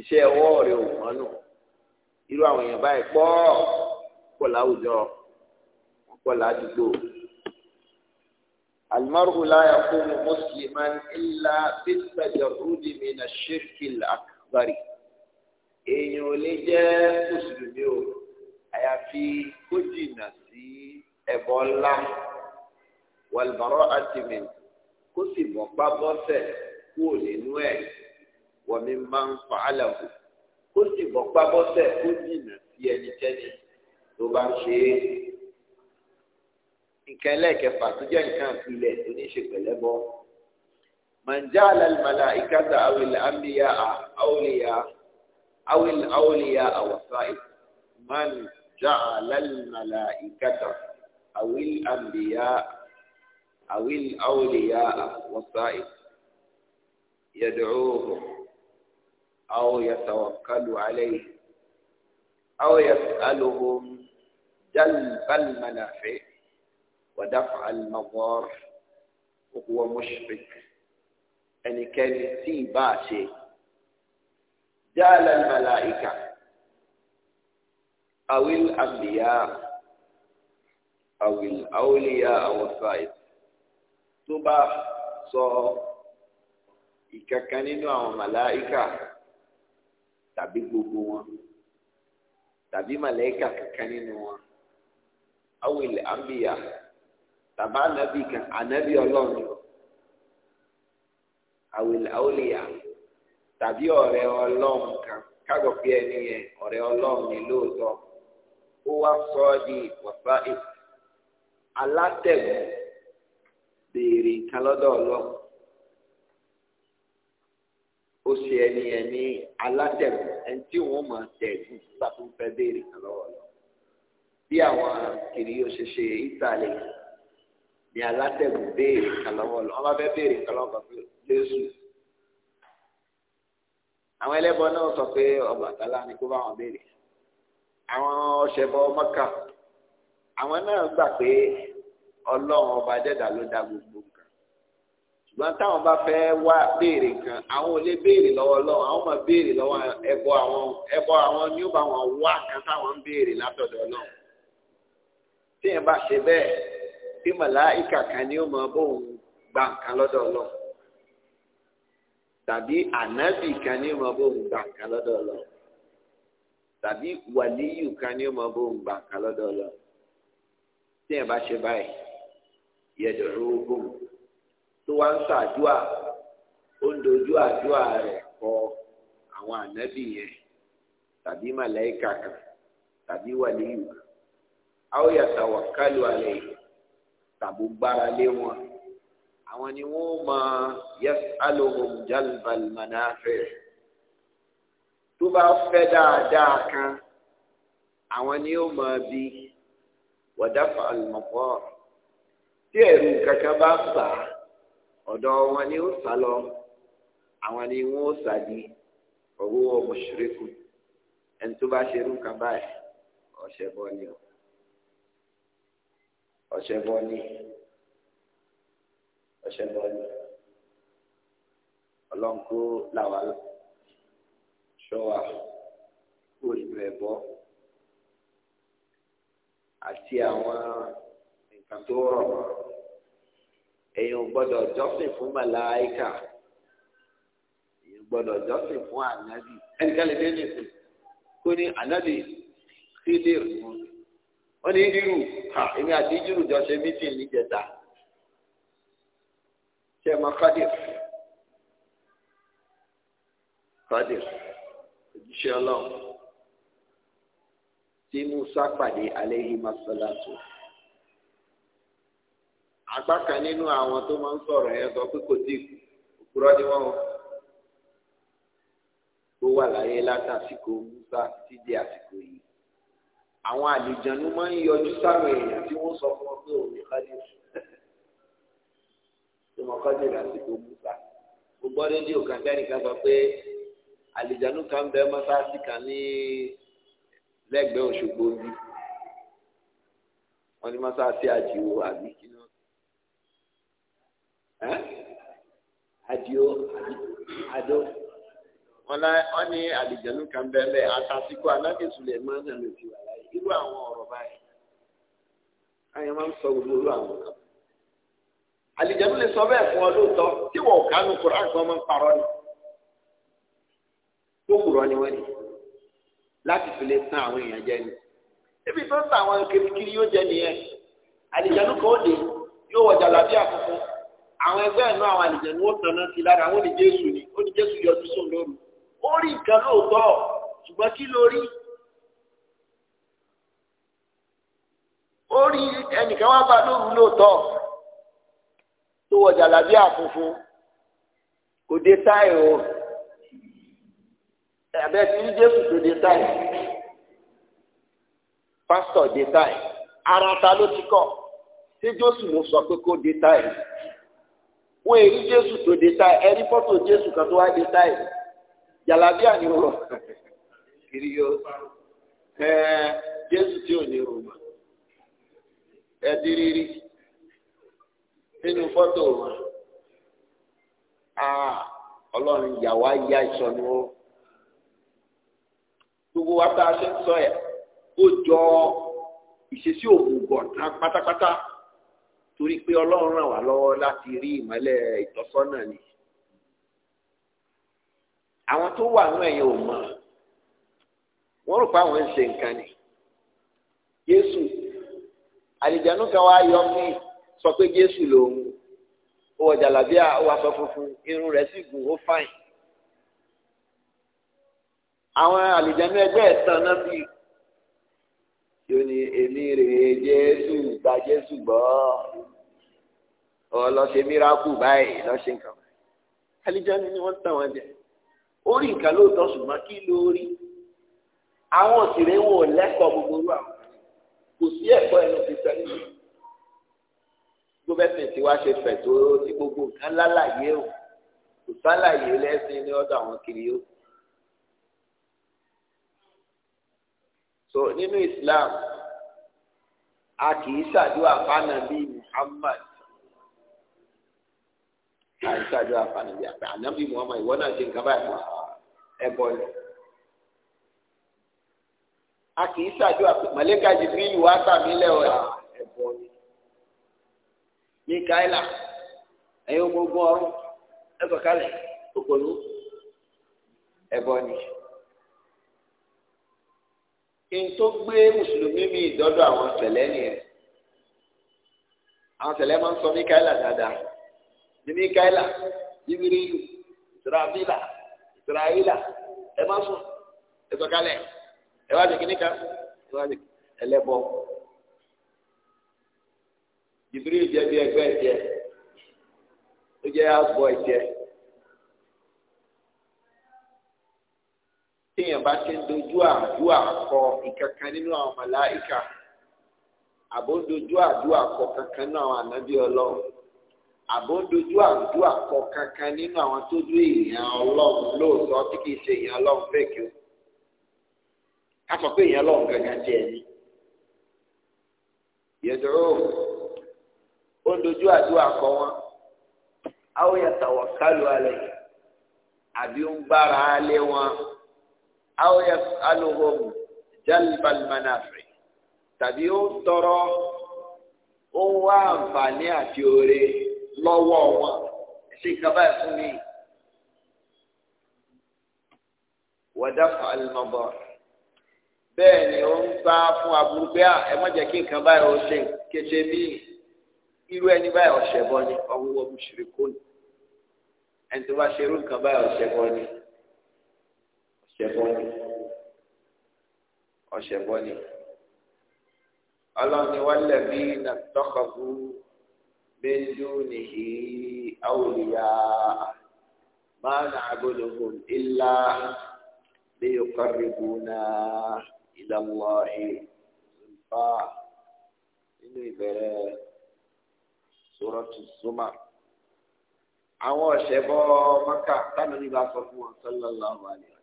iṣẹ́ ọwọ́ rẹ̀ ò wọ́n nù irú àwọn èèyàn báyìí pọ̀ pọ̀ láwùjọ wọ́n pọ̀ ládùúgbò. المرء لا يكون مسلما إلا بالتجرد من الشرك الأكبر èèyàn ò lè jẹ́ mùsùlùmí o àyàfi kó jìnnà sí ẹbọ ńlá wàlùbárọ̀ àtìmẹ̀ kó sì bọ́ pa bọ́sẹ̀ kúrò nínú ẹ̀ wọ̀mí máa ń fa àlàbò kó sì bọ́ pábọ́sẹ̀ kó jìnnà sí ẹnikẹ́ni tó bá ń ṣe é. nǹkan ẹlẹ́ẹ̀kẹfà tó jẹ́ nǹkan àpilẹ̀ tó ní í ṣe pẹ̀lẹ́ bọ́. mànjá alálùmọ́lá ìkádà awil ambiya awliya awil awliya awasai mànjá alálùmọ́lá ìkádà awil ambiya awil awliya awasai yad'uuhum. أو يتوكل عليه أو يسألهم جلب المنافع ودفع المضار وهو مشفق أن كان في باشي جعل الملائكة أو الأنبياء أو الأولياء والصائد تبا صو ìkankan nínú àwọn màláìka tàbí gbogbo wọn tàbí màlẹ́kà kankan nínú wọn awil ambiya tàbí anabi kan anabi ọlọ́run awil awliya tàbí ọ̀rẹ́ ọlọ́run kan kágọ̀ pé ẹni yẹn ọ̀rẹ́ ọlọ́run ni lóòótọ́ ó wá sọ ọ́ di wàfáì alátẹ̀wọ̀ béèrè nǹkan lọ́dọ̀ ọlọ́run ó ṣe ẹni ẹni alátẹ̀mù ẹni tí wọ́n máa tẹ̀sùn nígbà tó ń fẹ́ béèrè kan lọ́wọ́ lọ. bí àwọn kiri yóò ṣe ṣe ìtàlẹ̀ ni alátẹ̀mù béèrè kan lọ́wọ́ lọ wọ́n bá fẹ́ béèrè kan lọ́wọ́ kan lẹ́sù. àwọn ẹlẹ́bọ náà sọ pé Ọbàtálá ni kó bá wọn béèrè. àwọn ọ̀ṣẹ̀bọ Mọ́kà àwọn náà gbà pé ọlọ́run ọba dẹ́dà ló dá gbogbo ṣùgbọ́n táwọn bá fẹ́ wá béèrè nǹkan àwọn ò lè béèrè lọ́wọ́ lọ́wọ́ àwọn máa béèrè lọ́wọ́ ẹbọ àwọn ẹbọ àwọn ni ó bá wọn wá kan táwọn ń béèrè látọ̀dọ̀ náà tí yẹn bá ṣe bẹ́ẹ̀ tí màláìkà kan ni ó máa bóun gba nǹkan lọ́dọ̀ lọ tàbí ànábì kan ni ó máa bóun gba nǹkan lọ́dọ̀ lọ tàbí wàlíyù kan ni ó máa bóun gba nǹkan lọ́dọ̀ lọ tí yẹn bá ṣe báyìí yẹ dọ̀rọ̀ ó tó wá ń ṣàdúà ó ń dojú àdúà rẹ̀ kọ àwọn ànábì yẹn tàbí màláìkà kan tàbí wàlíyù kan àwọn yàtọ̀ wà kálù alẹ́ tàbí gbára lé wọn àwọn ni wọn máa yas'aluhum jalbal manafi' tó bá fẹ́ dáadáa kan àwọn ni ó máa bí wadafa al tí ẹ̀rù kankan bá bà á ọ̀dọ̀ wọn ni ó sá lọ àwọn ni wọn ó sá di ọwọ́ mọ̀ṣúrẹ́kù ẹni tó bá ṣe irú kan báyìí ọ̀ṣẹ̀ bọ́ ni ọ ọ̀ṣẹ̀ bọ́ ni ọ̀ṣẹ̀ bọ́ ni ọlọ́nkó làwà ṣọ́wà kó ìlú ẹ̀ bọ́ àti àwọn nǹkan tó rọ̀ èyàn ò gbọ́dọ̀ jọ́sìn fún màláìkà èyàn gbọ́dọ̀ jọ́sìn fún ànábì ẹnikẹ́ni dé nìsín kó ní ànábì sílé òun ó ní rírù ha èmi àti jírù jọ ṣe mítìn níjẹta ṣe mọ kádìr kádìr òjíṣẹ́ ọlọ́run tí musa pàdé alayhi masalatu apá kan nínú àwọn tó máa ń sọ̀rọ̀ yẹn sọ pé kò tí òpùrọ́ ni wọ́n tó wà láyé látàsìkò Musa títí di àsìkò yìí àwọn àlùjànnú máa ń yọjú sáwọn èèyàn tí wọ́n sọ fún ọ pé òun ní kádìrì tó mọ kádìrì àsìkò Musa gbogbo rédíò kan tẹ́nìkan sọ pé àlùjànnú kan bẹ mọ́sáàsì kan ní lẹ́gbẹ̀ẹ́ Òṣogbo bíi wọ́n ní mọ́sáàsì àjìwò àbí kí àdìo Ado, wọn lá ní àlìjẹnu kan àtàsíkò irú àwọn báyìí máa ń sọ gbogbo ọ lóòótọ́ tí wọn ò kánú kúrò àgbọn ọmọ ń parọ́ ni tó kúrò ni wọn ni láti fi lè tán àwọn èèyàn jẹ ni ibi tó ń ta àwọn kirikiri yóò jẹ nìyẹn àwọn ẹgbẹ́ ẹ̀nú àwọn àlejò ni wọ́n tẹ̀lé sí lára àwọn oníjẹ́ èṣù ni oníjẹ́ èṣù yọjú sóun lóru ó rí nǹkan lóòótọ́ ṣùgbọ́n kí ló rí ó rí ẹnìkan wá bá lóru lóòótọ́ tó wọ jàlábíà funfun kò dé táì o ẹ̀bẹ̀ tí jésù tó dé táì pásítọ̀ dé táì ara ta ló ti kọ̀ tí jésù ló sọ pé kó dé táì. wọn èrí jésù tó dé táì ẹni fọ́tò jésù kan tó wá dé táì jàlábíà ni wọ́n kiri yó jésù tí ò ní roma ẹdí rírí nínú fọ́tò wọn ọlọ́run yàwá ya ìsọ̀nù o gbogbo wa a ṣe ń sọ ẹ̀ ó jọ ìṣesí òògùn gọ̀ọ̀tà pátápátá. torí pé ọlọ́run ràn wá lọ́wọ́ láti rí ìmọ́lẹ̀ ìtọ́sọ́nà ni àwọn tó wà nínú ẹ̀yìn ò mọ̀ wọ́n rò pé àwọn ń ṣe nǹkan ni Jésù àlìjánu kan wá yọ mí sọ pé Jésù lòun ó wọ jàlábíà ó wọ aṣọ funfun irun rẹ̀ sì gùn ó fàìn àwọn àlìjánu ẹgbẹ́ ẹ̀sán náà bí yóò ní èmi rèé Jésù gba Jésù gbọ́ ọ lọ ṣe miraku báyìí lọ ṣe nǹkan alijani ni wọn tàn wọn jẹ orí nǹkan lóòótọ́ ṣùgbọ́n kí ló rí àwọn òṣèré wọn ò lẹ́kọ̀ọ́ gbogbo rú àwọn kò sí ẹ̀kọ́ ẹnu ti sẹ́yìn gbogbo ẹ̀sìn tí ṣe fẹ̀ tó gbogbo nǹkan lálàyé o kò sálàyé lẹ́sìn ní ọ̀dọ̀ àwọn kiri o. so nínú Islam a kì í ṣàdúrà fánàbí Muhammad àìsàdúrà àfànàbí àpẹ ànábì muhammad ìwọ náà ṣe nǹkan báyìí ẹbọ lẹ. a kì í ṣàdúrà pé màlẹ́kà jibril wà sàmì lẹ́wọ̀ ẹbọ ni. mikaela ẹ̀yin gbogbo ọrùn ẹ̀sọ̀ kalẹ̀ òkòló ẹbọ ni. kí n tó gbé mùsùlùmí mi ìdọ́dọ̀ àwọn tẹ̀lẹ́ nìyẹn àwọn tẹ̀lẹ́ máa ń sọ mikaela dáadáa ní mikaela ibiriyu israfila israela ẹ má sùn ẹ sọ̀kalẹ̀ ẹ wá jẹkí níka ẹ wá jẹkí ẹlẹbọ ibiriyu jẹ bí ẹgbẹ́ ẹjẹ ó jẹ asbọ ẹjẹ téèyàn bá ti ń dojú àdúrà kọ ìkankan nínú àwọn màláìka àbó ń dojú àdúrà kọ kankan nínú àwọn ànábì Ọlọ́run àbò ń dojú àdú àkọ kankan nínú àwọn tó dú èèyàn ọlọ́run lóòótọ́ tí kìí ṣe èèyàn ọlọ́run bẹ́ẹ̀ kí o ká sọ pé èèyàn ọlọ́run gangan jẹ́ ẹni. yẹ̀dọ̀rọ̀ ó ń dojú àdú àkọ wọn àwọn yàtọ̀ kálù alẹ̀ àbí ń bára alẹ́ wọn àwọn yàtọ̀ alóhùn jálùbálùmánàfẹ́ tàbí ó ń tọrọ ó ń wá àǹfààní àti oore lọ́wọ́ wọn ṣe nǹkan báyìí fún mi. wọ́dáfà àlùmọ̀bọ̀ bẹ́ẹ̀ ni ó ń gbá fún aburú pé ẹ má jẹ́ kí nǹkan báyìí ó ṣe kéṣe bí irú ẹni báyìí ọ̀ṣẹ̀ bọ́ ni ọwọ́ mùsùlùmí kò ní ẹni tó bá ṣe irú nǹkan báyìí ọ̀ṣẹ̀ bọ́ ni ọ̀ṣẹ̀ bọ́ ni ọ̀ṣẹ̀ bọ́ ni ọlọ́run ni wọ́n lẹ̀ bí nàtọ́kọ̀ fún. من دونه أولياء ما نعبدهم إلا ليقربونا إلى الله زلفى إنه بره سورة الزمر àwọn ọ̀ṣẹ̀bọ maka táwọn oníbà sọ fún wọn sallallahu alaihi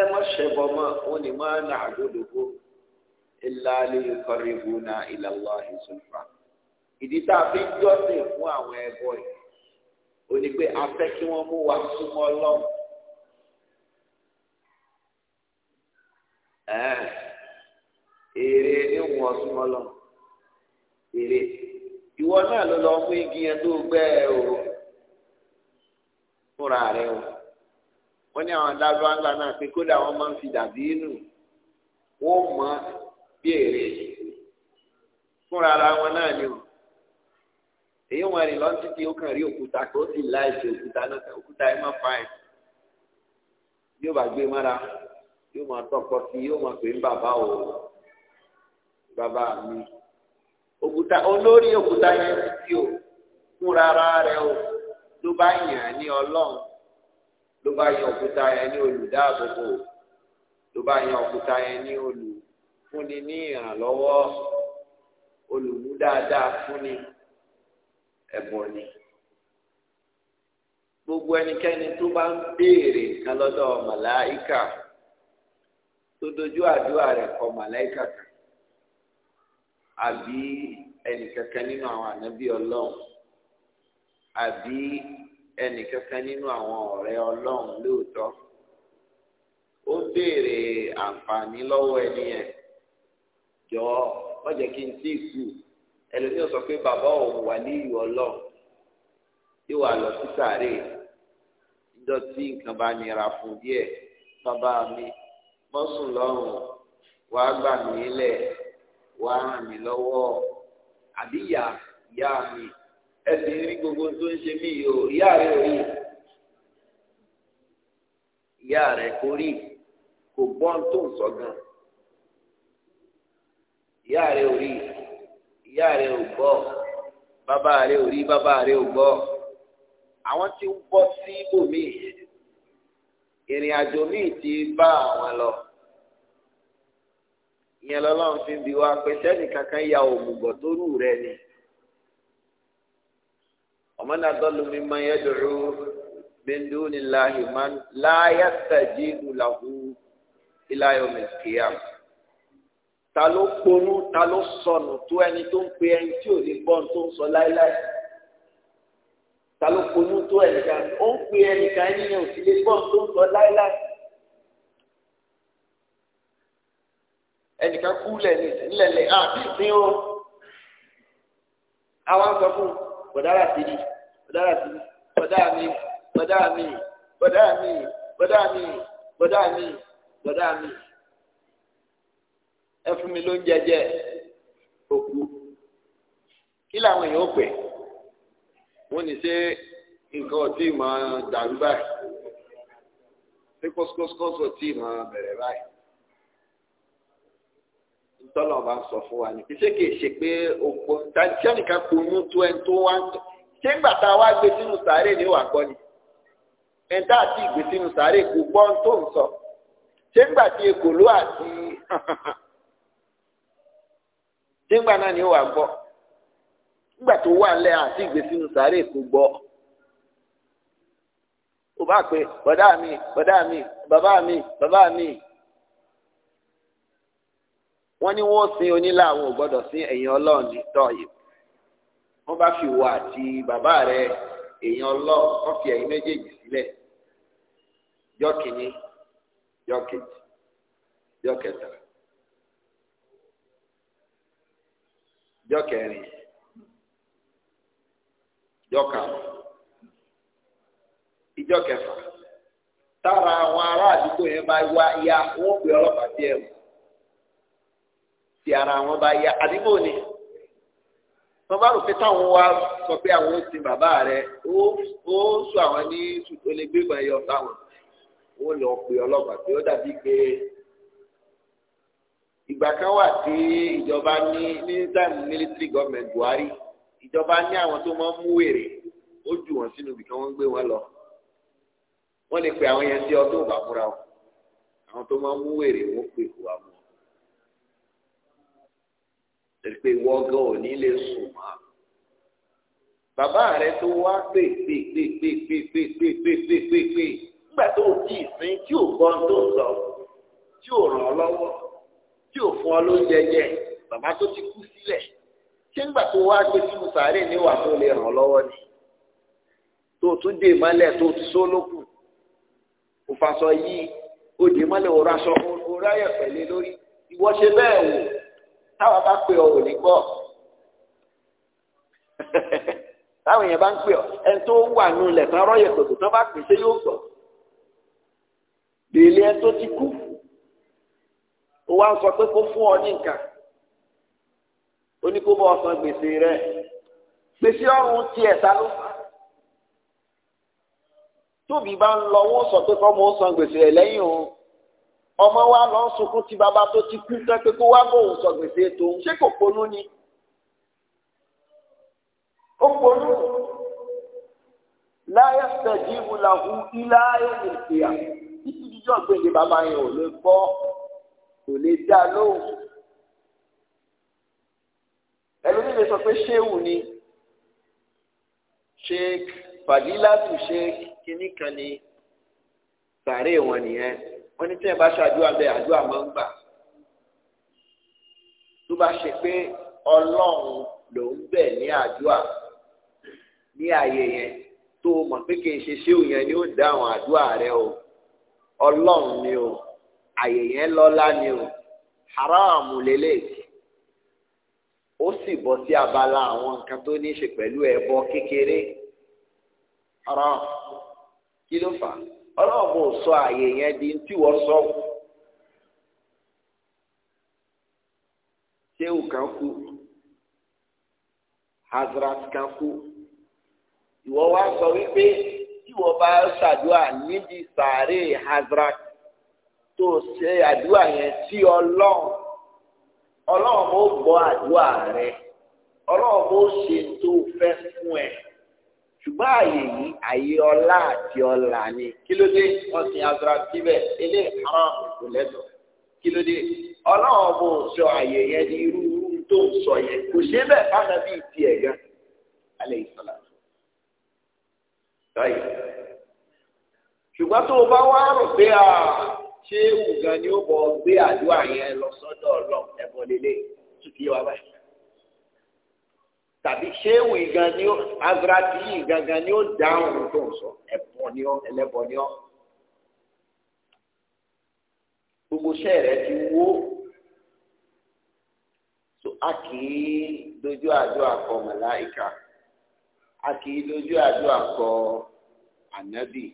ẹ má ṣẹ̀bọ mọ́ wọn ni má na'buduhum illa liyuqarribuna ila Allahi zulfa ìdí tá a fi ń jọ́sìn fún àwọn ẹbọ yìí ó ní pé a fẹ́ kí wọ́n mú wa súnmọ́ Ọlọ́run. èrè ni wọ́n súnmọ́ Ọlọ́run èrè ìwọ náà ló lọ mú igi yẹn tó gbẹ o fúnra rẹ o wọ́n ní àwọn adájọ́ ńlá náà pé kódà wọ́n máa ń fi dàbí inú wọ́n mọ bí èrè fúnra ara wọn náà ni o èyí wọn rìn lọ́n títí ó kàn rí òkúta kó sì láìsí òkúta náà òkúta ẹ má fáìn yóò bá gbé mára yóò máa tọpọ sí yóò máa pè ń bàbá o bàbá mi òkúta olórí òkúta yẹn títí o fúnra ara rẹ o ló bá yàn án ní ọlọ́run ló bá yan òkúta yẹn ní olùdáàbòbò ló bá yan òkúta yẹn ní olùfúnni ní ìrànlọ́wọ́ olùmúdáadáa fúnni. ẹbọ ni gbogbo ẹnikẹ́ni tó bá ń béèrè nǹkan lọ́dọ̀ màláìka tó dojú àdúrà rẹ̀ kọ màláìka kan àbí ẹnìkankan nínú àwọn ànábì ọlọ́run àbí ẹnìkankan nínú àwọn ọ̀rẹ́ ọlọ́run lóòótọ́ ó béèrè àǹfààní lọ́wọ́ ẹni yẹn jọ má jẹ́ kí n tí ì kú. ẹlòmíì sọ pé bàbá òun wà ní ìwọ lọ yóò wà lọ sí sàárè níjọ́ nǹkan bá nira fún díẹ̀ bàbá mi mọ́sùn lọ́rùn wàá gbà mí lẹ̀ wàá ràn mí lọ́wọ́ àbí ìyá ìyá mi ẹsìn rí gbogbo tó ń ṣe mí yìí o ìyá rí ìyá rẹ kò rí kò gbọ́n tó ń sọ gan ìyá rẹ rí. ìyá rẹ ò gbọ́ bàbá rẹ ò rí bàbá rẹ ò gbọ́ àwọn tí ń bọ́ sí bòmí ìrìn àjò míì ti bá àwọn lọ ìyẹn lọ́lọ́run fi ń bi wá ya tó rù rẹ ni ọmọ náà dọ́lu mi yẹ dùrú bíndú máa láyà tàjí ta ló ponú ta ló sọnù tó ẹni tó ń pe ẹni tí ò lè gbọ́ ohun tó ń sọ láéláé ta ló ponú tó ẹnìkan ó ń pe ẹnìkan ẹni yẹn ò sì lè gbọ́ ohun tó ń sọ láéláé ẹnìkan kú lẹ́lẹ̀ àbí ah, ìsín o àwọn sọ fún bọ̀dára ti di bọ̀dára ti di bọ̀dára mi bọ̀dára mi bọ̀dára mi bọ̀dára mi bọ̀dára mi bọ̀dára mi ẹ fún mi ló ń jẹjẹ òkú kí làwọn èèyàn ó pè wọn ní ṣe nǹkan ọtí máa dàrú báyìí ṣé kọ́síkọ́síkọ́sí ọtí máa bẹ̀rẹ̀ báyìí tọ́lọ̀ bá ń sọ fún wa ní kí ṣé kìí ṣe pé òpó tàìsíọ́nìkan kùnú tó ẹni tó wá ń tọ́ ṣé ńgbà tá a wá gbé sínú sàárè ní wàá gbọ́ ni ẹni tá a ti gbé sínú sàárè kò gbọ́ tó ń sọ ṣé ńgbà tí ekòló àti nígbà náà ni ó wà gbọ́ nígbà tó wà lẹ́ àti ìgbésínú sàárè kò gbọ́ ó bá pé bọ́dá mi bọ́dá mi bàbá mi bàbá mi wọ́n ní wọ́n sin onílà àwọn ò gbọ́dọ̀ sin ẹ̀yìn ọlọ́run ní wọ́n bá fi wọ àti bàbá ọlọ́run wọ́n fi ẹ̀yìn méjèèjì jọ kẹrin jọ tára àwọn ará àdúgbò yẹn bá wá ya wọn pè ọlọpàá sí ẹ̀wọ̀n tí ara wọn bá ya àdúgbò ni wọn bá rò pé táwọn àwọn ó bàbá rẹ ó ó sọ àwọn ní sùtò lè gbé ìgbà kan wà tí ìjọba ní ní táìmù military government Buhari ìjọba ní àwọn tó máa ń mú wèrè ó jù wọn sínú ibì kan wọn ń gbé wọn lọ wọn lè pe àwọn yẹn sí ọdún òbá múra o àwọn tó máa ń mú wèrè wọn pè kó wa mú ọ lè pe ìwọ gan ò ní lè sùn mọ́ bàbá rẹ tó wá pè pè pè pè pè pè pè pè pè pè pè nígbà tó o ti ìsìn tí ò gbọ́ tó sọ tí ò ràn ọ́ lọ́wọ́ tí ò fún ọ lóúnjẹ jẹ bàbá tó ti kú sílẹ̀ ṣé ńgbà tó wá gbé sínú sàárè níwà tó lè ràn lọ́wọ́ ni tó tún dé mọ́lẹ̀ tó tún só lókù kò fàṣọ yìí ó dé mọ́lẹ̀ òrò aṣọ òrò ayẹ pẹ̀lẹ́ lórí ìwọ ṣe bẹ́ẹ̀ wò táwa bá pè ọ ò ní gbọ́ táwọn èèyàn bá ń pè ọ ẹni tó wà nù lẹ̀ tán rọ́yẹ̀ pẹ̀lú tán bá pèsè yóò gbọ́ délé ẹni tó ti kú ó wá ń sọ pé kó fún ọ ní nǹkan ó ní kó bọ́ ọ̀sán gbèsè rẹ̀ gbèsè ọ̀run tiẹ̀ ta ló fà á tóbi bá ń lọ wọn sọ pé kọ́mọ ó san gbèsè rẹ̀ lẹ́yìn o ọmọ wa lọ ń sunkún tí bàbá tó ti kú tán pé kó wá bóun sọ gbèsè tòun ṣé kò ponú ni ó ponú láyé sẹ̀dí ìwúlàhù ilá ayé lè fìyà títí jíjọ́ gbèdé bàbá yẹn ò lè gbọ́ kò lè dá lóhùn ẹlòmíì lè sọ pé ṣéwù ni sheik fadilatu sheik kínní kan ni sàárè wọn nìyẹn wọn ní tí ẹ bá ṣàdúrà bẹ́ẹ̀ àdúrà máa ń gbà tó bá ṣe pé ọlọ́run ló ń bẹ̀ ní àdúrà ní ààyè yẹn tó mọ̀ pé kì í ṣe ṣéwù yẹn ni ó dá àwọn àdúrà rẹ o ọlọ́run ni o àyè yẹn lọ́lá ni o haramu lélẹ́yìí ó sì bọ́ sí abala àwọn nǹkan tó ní í ṣe pẹ̀lú ẹbọ kékeré haram kí ló fà ọlọ́run ò sọ àyè yẹn di tí wọ́n sọ sehu kan kú hazrat kan kú ìwọ wá sọ wípé tí wọ́n bá ṣàdúrà nídìí sàárè hazrat tó ṣe àdúrà yẹn sí ọlọ́run ọlọ́run ó gbọ́ àdúrà rẹ ọlọ́run ó ṣe tó fẹ́ fún ẹ ṣùgbọ́n àyè yìí àyè ọlá àti ọlà ni kí ló dé wọ́n sin azra síbẹ̀ ilé haram kò lẹ́tọ̀ọ́ kí ló dé ọlọ́run bò sọ àyè yẹn ní irú tó ń sọ yẹn kò ṣe bẹ́ẹ̀ fáwọn bíi tiẹ̀ gan alẹ́ ìsọ̀lá ṣùgbọ́n tó o bá wá rò pé a. Ah, ṣé ògàn ni ó bọ gbé àdúrà yẹn lọ sọ́dọ̀ Ọlọ́run ẹbọ lélẹ̀ tùkì wà báyìí tàbí ṣéwù ìgan ni ó agbáradì yìí gangan ni ó dáhùn tó ń sọ ẹbọ ni ó ẹlẹbọ ni ó gbogbo iṣẹ́ rẹ̀ ti wó so a kì í dojú àjọ akọ màláìka a kì í dojú àjọ akọ ànábì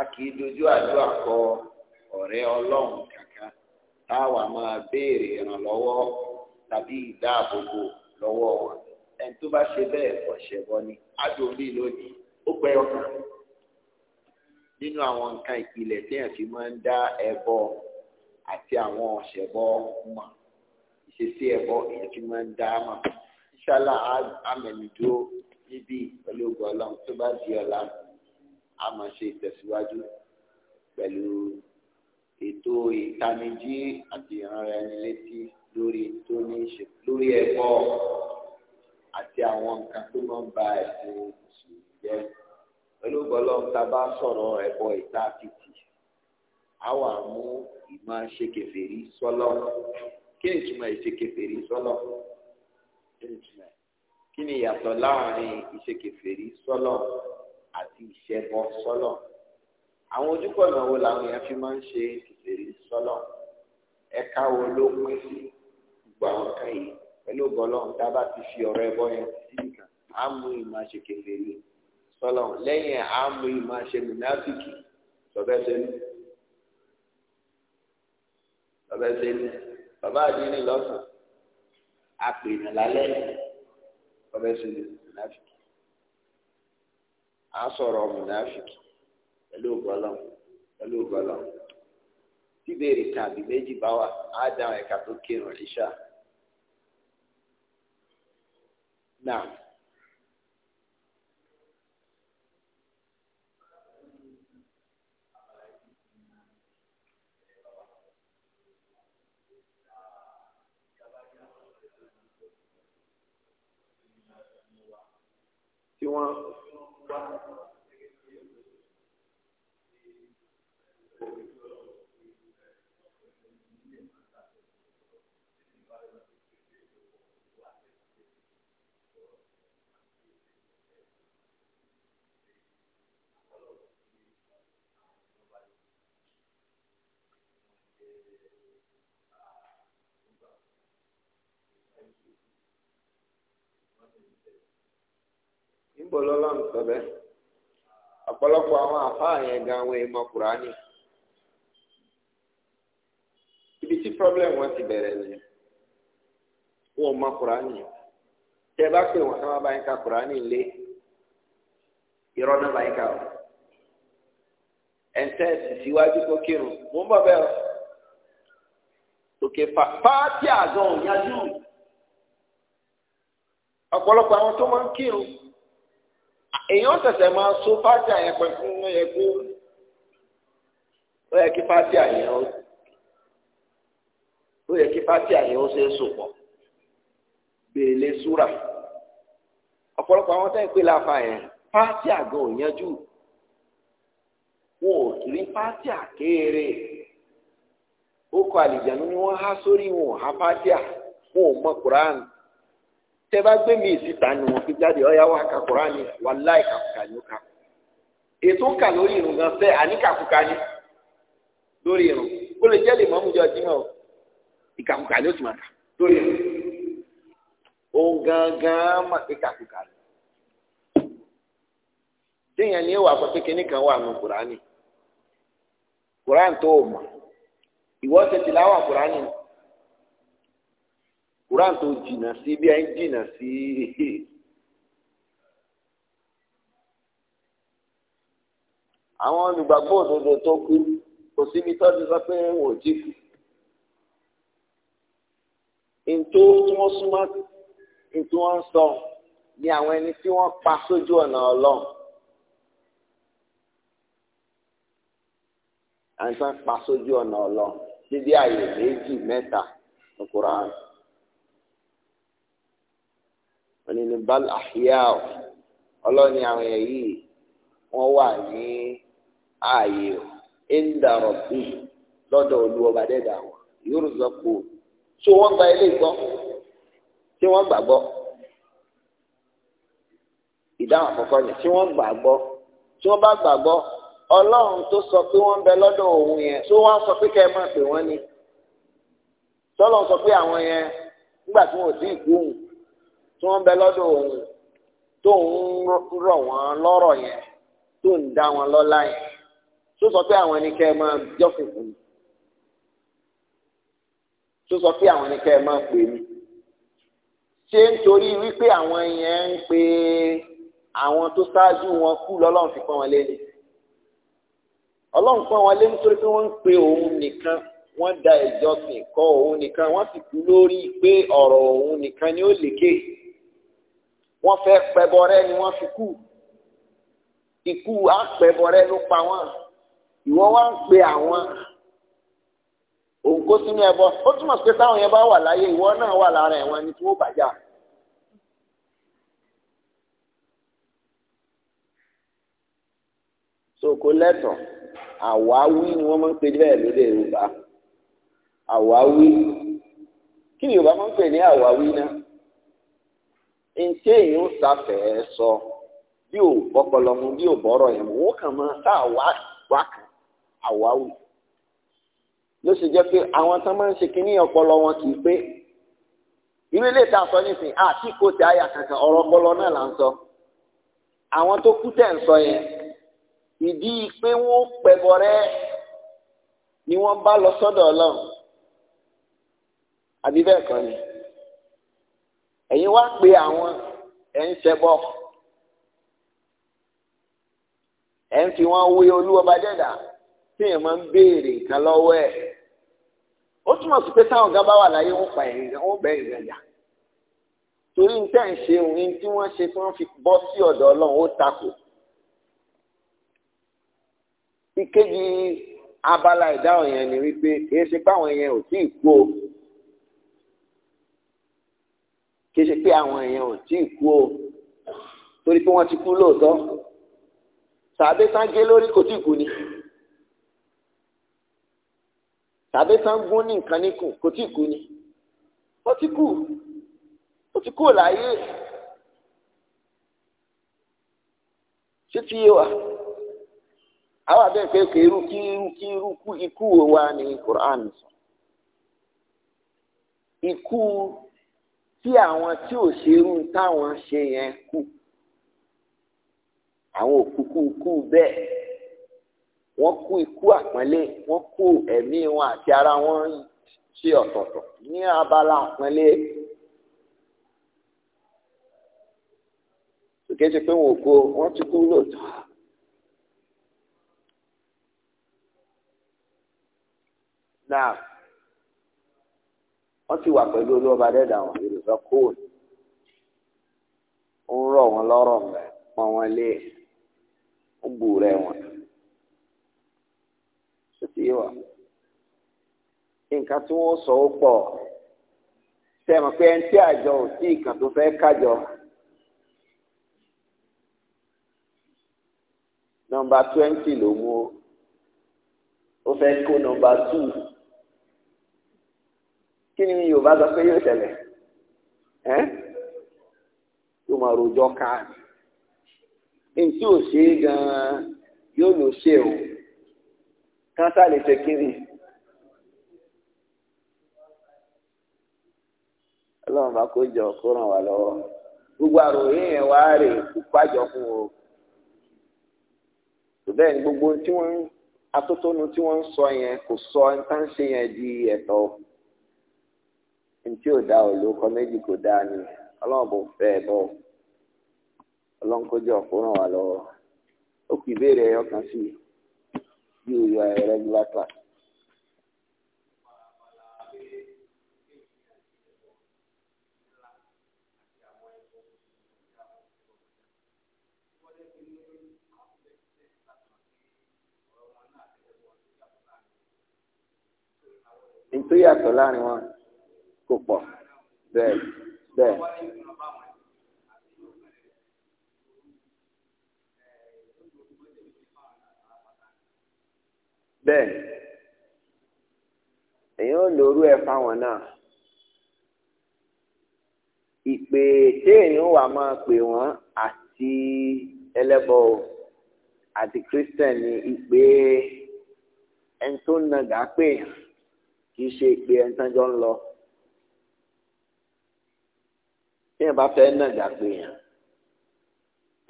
a kì í dojú àjọ akọ ọ̀rẹ́ ọlọ́run kankan táwa máa béèrè ìrànlọ́wọ́ tàbí ìdáàbòbò lọ́wọ́ wọn ẹni tó bá ṣe bẹ́ẹ̀ ọ̀ṣẹ̀ bọ́ ni adòmí lónìí ó pẹ́ ọkàn nínú àwọn nǹkan ìpìlẹ̀ téèyàn fi máa ń dá ẹbọ àti àwọn ọ̀ṣẹ̀ bọ́ mọ̀ ìṣesí ẹbọ èèyàn fi máa ń dá mọ̀ ìṣàlà àmẹ̀nìdó níbí pẹ̀lú ọlọ́run tó bá di ọ̀la a máa ṣe ìtẹ̀síwájú pẹ̀lú ètò ìtanijí àti ìrànra ẹni létí lórí tó ní ṣe lórí ẹ̀kọ́ àti àwọn nǹkan tó máa ń ba ẹ̀sìn mùsùlùmí jẹ́ pẹ̀lú gbọ́lọ́n tá a bá sọ̀rọ̀ ẹ̀kọ́ ìta títì á wà mú ìmọ̀ ṣèkèfèrí sọ́lọ́ kí ìtumọ̀ ìṣèkèfèrí sọ́lọ́ kí ni ìyàtọ̀ láàrin ìṣèkèfèrí sọ́lọ́ àti ìṣẹ́bọ sọ́lọ́ àwọn ojúkọ̀ ọ̀nà wo làwọn èèyàn fi máa ń ṣe ìtẹ̀lé sọ́lọ̀ ẹ̀ka wo ló pín sí gbogbo àwọn kan yìí pẹ̀lú ọgọ́lọ́run tá a bá ti fi ọ̀rọ̀ ẹbọ yẹn sí nìkan á mú ìmọ̀ ṣe kékeré sọ́lọ̀ lẹ́yìn á mú ìmọ̀ ṣe mùnáfíkì sọ́bẹ́sẹ́lú sọ́bẹ́sẹ́lú bàbá àdínní lọ́sàn-án àpèèyàn lálẹ́ sọ́bẹ́sẹ́lú mùnáfíkì á sọ̀rọ̀ mùnáfíkì. pẹ̀lú ògbọ́lọ́ pẹ̀lú ògbọ́lọ́ tí kan àbí méjì bá wà á dáhùn ẹ̀ka tó kírun níbo lọ́lọ́ ń sọ bẹ́ẹ̀ ọ̀pọ̀lọpọ̀ àwọn àfáà yẹn gan àwọn èèmọ̀ kùránì ibi tí problem wọn ti bẹ̀rẹ̀ nìyẹn wọn ò mọ̀ kùránì tẹ bá pè wọn káwọn bá yín ka kùránì lé irọ́ náà bá yín ka ọ ẹ̀ńtẹ́ síwájú kó kírun mò ń bọ̀ bẹ́ẹ̀ òkè pààtì àgọ́ òyájú ọ̀pọ̀lọpọ̀ àwọn tó máa ń kírun èèyàn tẹ̀sẹ̀ máa so pààtì àyẹn pẹ̀ fún ẹ kó ó yẹ kí pààtì àyẹn ó ó yẹ kí pààtì àyẹn ó ṣe é so pọ̀ gbèlè súrà ọ̀pọ̀lọpọ̀ àwọn tẹ́ ń pè láfa yẹn pààtì àgọ́ òyájú wọn ò rí pààtì àkéèrè. ókọ àlìjánu ni wọ́n há sórí wọn àbájá wọn ò mọ quran tẹ́ gbé mi ìsìta ni wọ́n fi jáde ọ̀yá wa ka quran wà láì kàkùkà ni ó kà ètò ń kà lórí irun gan fẹ́ àníkàkùkà ni lórí irun lè jẹ́ lè mọ́ jọ o ìkàkùkà ni ó ti lórí irun mà pé kàkùkà ni téèyàn ìwọ ṣe tìláwà kùránì kùránì tó jìnnà sí bí ẹni jìnnà sí àwọn olùgbàgbọ́ òdodo tó kú kò síbi tọ́jú sọ pé wò ó jí kú ntó tí wọ́n súnmọ́ ntó wọ́n sọ ni àwọn ẹni tí wọ́n pa sójú ọ̀nà ọlọ́run àìsàn pa sójú ọ̀nà ọlọ́run síbi àyè méjì mẹ́ta ní Quran òní ní bal ahya'u ọlọ́ni àwọn èèyàn yìí wọ́n wà ní ààyè inda rabbi lọ́dọ̀ olú ọba dẹ́dà wọn yurzaqu tí wọ́n gba ilé gbọ́ tí wọ́n gbàgbọ́ ìdáhùn àkọ́kọ́ ni tí wọ́n gbàgbọ́ tí wọ́n bá gbàgbọ́ ọlọ́run tó sọ pé wọ́n ń bẹ lọ́dọ̀ òun yẹn tó wá sọ pé kẹ́ ẹ máa pè wọ́n ni tọ́lọ̀ sọ pé àwọn yẹn nígbà tí wọ́n ò sí ìgbóhùn tí wọ́n ń bẹ lọ́dọ̀ òun tó ń rọ̀ wọ́n lọ́rọ̀ yẹn tó ń dá wọn lọ́lá yẹn tó sọ pé àwọn ẹni kẹ́ ẹ máa jọ́sìn tó sọ pé àwọn ẹni kẹ́ ẹ máa pè mí ṣé nítorí wípé àwọn yẹn ń pe àwọn tó ṣáájú wọn kú lọ́lọ́run fi pọ́n wọn lé ọlọ́run pọ́n wọn lé nítorí pé wọ́n ń pe òun nìkan wọ́n da ìjọsìn kọ́ òun nìkan wọ́n sì kú lórí pé ọ̀rọ̀ òun nìkan ni ó lékè wọ́n fẹ́ pẹbọrẹ́ ni wọ́n fi kú ikú àpẹbọrẹ́ ló pa wọ́n ìwọ wá ń pe àwọn òun kó sínú ẹbọ ó túmọ̀ sí pé táwọn yẹn bá wà láyé ìwọ náà wà lára ẹ̀wọ̀n ni tí wọ́n bàjá. so kò lẹ́tọ̀ọ́ àwáwí ni wọ́n máa ń pè bẹ́ẹ̀ lóde Yorùbá àwáwí kí ni Yorùbá máa ń pè ní àwáwí náà ntí èèyàn sáfẹ̀ẹ́ sọ bí ò bọ́pọlọ mu bí ò bọ́rọ̀ yẹn mu wọ́n kàn máa sá àwá kan àwáwí ló sì jẹ́ pé àwọn tán máa ń ṣe kínní ọpọlọ wọn kì í pé irú ilé ìta sọ nísìnyí àti kò tí àyà kankan ọ̀rọ̀ ọpọlọ náà là ń sọ àwọn tó kú tẹ̀ ń sọ yẹn ìdí pé wọ́n pẹ̀bọ̀ rẹ ni wọ́n bá lọ sọ́dọ̀ ọlọ́run àbí bẹ́ẹ̀ kan ni ẹ̀yin wá pé àwọn ẹ̀ ń ṣẹbọ ẹ̀ ń fi wọ́n wé olúwọba dẹ́dà tí èèyàn máa ń béèrè nǹkan lọ́wọ́ ẹ̀ ó túmọ̀ sí pé táwọn ọ̀gá wà láyé wọ́n pa ẹ̀yìn gan wọ́n ẹ̀yìn gan torí ní tẹ́ ń ṣe òun tí wọ́n ṣe tí wọ́n fi bọ́ sí ọ̀dọ̀ ọlọ́run ó takò ìkejì abala ìdáhùn yẹn ni wípé kìí ṣe pé àwọn yẹn ò tí ì kú o kìí ṣe pé àwọn yẹn ò tí ì kú o torí pé wọ́n ti kú lóòótọ́ tàbí tán gé lórí kò tí ì kú ni tàbí tán gún ní nǹkan níkùn kò tí ì kú ni ó ti kú ó ti kú láyé ṣé ti yé wa àwọn àbẹ̀ pé kèrú kí irú kí irú kú ikú wo wá ní Quran sọ ikú tí àwọn tí ò ṣerú se ṣe yẹn kú àwọn òkúkú kú bẹ́ẹ̀ wọ́n kú ikú àpọ́nlé wọ́n kú ẹ̀mí wọn àti ara wọn ṣe ọ̀tọ̀ọ̀tọ̀ ní abala àpọ́nlé kìí ṣe pé wọn ò kó wọn ti kú lóòótọ́. na wọ́n ti wà pẹ̀lú ọba dẹ́dà wọn yorùbá kóòl ó ń rọ̀ wọn lọ́rọ̀ mẹ́ pọ́n wọn lé ń bù rẹ̀ wọn ṣé ti yé wa nǹkan tí wọ́n sọ ó pọ̀ sẹ́mi pé ẹni tí àjọ ò ìkàn tó fẹ́ kájọ. kí ni yorùbá sọ pé yóò ṣẹlẹ̀ ẹ́ yóò máa rojọ́ káàdì ntí ò ṣe é gan-an yóò lò ṣe o kánsá lè ṣe kiri. ọlọ́run bá kó jọ kó ràn wá lọ́wọ́ gbogbo àròyé yẹn wá rè pàjọ fún o bẹ́ẹ̀ ni gbogbo tí wọ́n atótónu tí wọ́n ń sọ yẹn kò sọ nǹkan ṣe yẹn di ẹ̀tọ́ o ntí ò da ò lóko méjì kò dá ni ọlọ́run bò fẹ́ ẹ bọ́ ọlọ́run kó jẹ́ ọ̀pọ̀ ràn wá lọ́wọ́ ó kì í béèrè ẹyọ kan sí bí o yọ ẹ regular class. nítorí àtọ̀ láàrin wọn. kò pọ̀ bẹ́ẹ̀ bẹ́ẹ̀. bẹ́ẹ̀ èèyàn ẹ̀ fáwọn náà ìpè téèyàn wà máa pè wọ́n àti christian ni ìpè ẹni tó nàgà pè kì í ṣe ìpè ẹni tí yẹn bá fẹ́ náà gbàgbé yẹn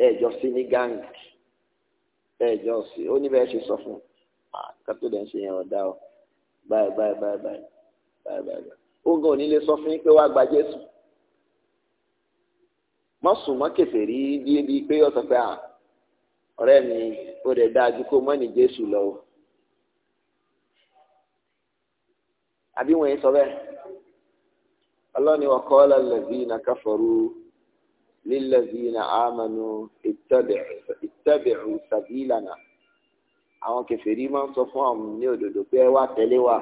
ẹjọ sí ní gáǹgì ẹjọ sí ó ní bẹ́ẹ̀ ṣe sọ fún ah, ká tó dẹ̀ ń ṣe yẹn ọ̀dà o báyìí báyìí báyìí báyìí báyìí báyìí ó gan onílé sọ fún yín pé wàá gba Jésù mọ́ sùn mọ́ kẹfẹ́ rí pé ọ̀sán pé ah, ọ̀rẹ́ mi ó dẹ̀ dáa ju kó mọ́ ní Jésù lọ o àbí wọ́n yẹn sọ bẹ́ẹ̀ ọlọ́ni waqala alladhina kafaru lilladhina amanu ittabi'u sabilana àwọn kèfèrí máa ń sọ fún àwọn ní òdodo pé ẹ wá tẹ̀lé wa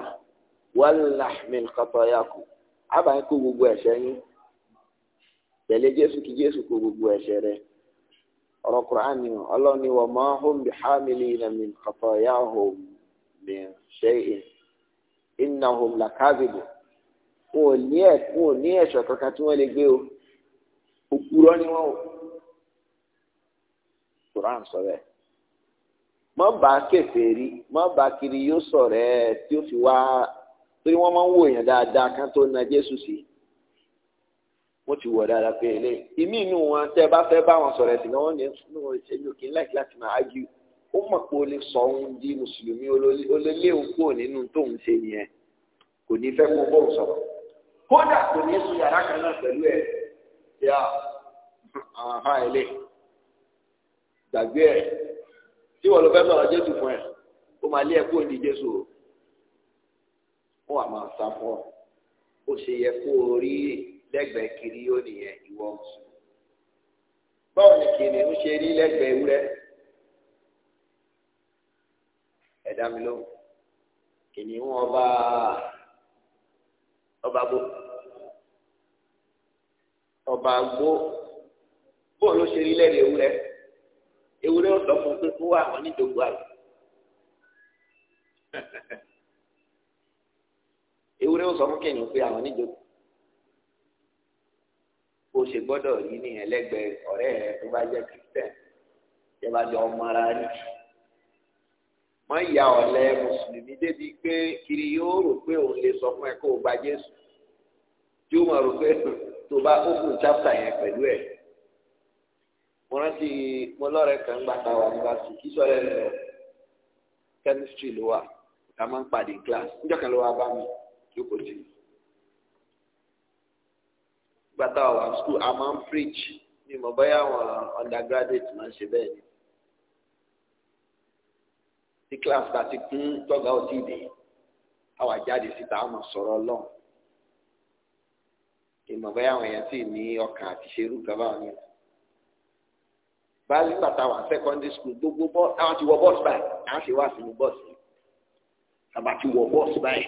walnahmil khatayakum àbáyé kó gbogbo ẹ̀ṣẹ̀ yín tẹ̀lé jésù kí jésù kó gbogbo ẹ̀ṣẹ̀ rẹ̀ ọ̀rọ̀ kùránì ọlọ́ni wa ma hum bihamilina min khatayahum min shay'in innahum lakazibun. wọn ò ní ẹ wọn ò ní ẹ̀ṣọ́ kankan tí wọ́n lè gbé o òkúrọ́ ni wọ́n o sọ bẹ́ẹ̀ mọ bá kèfèrí mọ bá kiri yóò sọ̀rọ̀ ẹ tí ó fi wá torí wọ́n máa ń wò yàn dáadáa kan tó na Jésù sí wọ́n ti wọ dáadáa pé ilé ìmí inú wọn tẹ bá fẹ́ bá wọn sọ̀rọ̀ ẹsìn wọ́n ní inú wọn ṣe lókè láti láti máa ájú ó mọ̀ o lè sọ ohun di mùsùlùmí olólè nínú tóun ṣe nìyẹn kódà kò ní sùn yàrá kan náà pẹ̀lú ẹ̀ yá àwọn afá ilé gbàgbé ẹ̀ tí wọ́n lọ fẹ́ sọ̀rọ̀ jésù fún ẹ̀ ó máa lé ẹ̀ kúrò ní jésù ó wà máa sá fún ọ ó ṣe yẹ kó o rí lẹ́gbẹ̀ẹ́ kiri yóò nìyẹn ìwọ sùn báwo ni kìnìún ṣe rí lẹ́gbẹ̀ẹ́ ewúrẹ́ ẹ̀dá mi ló kìnìún ọba ọba gbó ọba gbó bó ló ṣe rí lẹ́rìí ewúrẹ́ ewúrẹ́ ọ̀sọ̀ fún pé kó wà wọ́n nídògbò àgbà ewúrẹ́ ọ̀sọ̀ fún kìnìún pé àwọn nídògbò bó ṣe gbọ́dọ̀ rí nìyẹn lẹ́gbẹ̀ẹ́ ọ̀rẹ́ rẹ tó bá jẹ́ kírísítẹ̀ ṣe bá jọ ọmọ ara rí wọ́n ya ọ̀lẹ mùsùlùmí débi pé kiri yóò rò pé òun lè sọ fún ẹ kó o gba jésù tí ó rò pé tó bá ó fún yẹn pẹ̀lú ẹ̀ mo rántí mo lọ́rẹ̀ kan gbà ta wà nígbà tí kí sọ́rẹ́ rẹ̀ lọ chemistry ló wà ká máa ń pàdé class níjọ́ kan ló wá bá mi jókòó tì í gbà wà school a máa ń preach ni mo bá yà wọn undergraduate máa ń ṣe bẹ́ẹ̀ ni tí kíláàsì bá ti kún tọ́gà ọtí ìdè àwa jáde síta àmọ̀ sọ̀rọ̀ ọlọ́run ìmọ̀ bẹ́ẹ̀ àwọn èèyàn sì ní ọkàn àti ṣerú gàbá mi báyìí nígbà tá a wà secondary school gbogbo bọ́ọ̀sì àwọn ti wọ bọ́ọ̀sì báyìí à ń ṣe wá sínú bọ́ọ̀sì àbá ti wọ bọ́ọ̀sì báyìí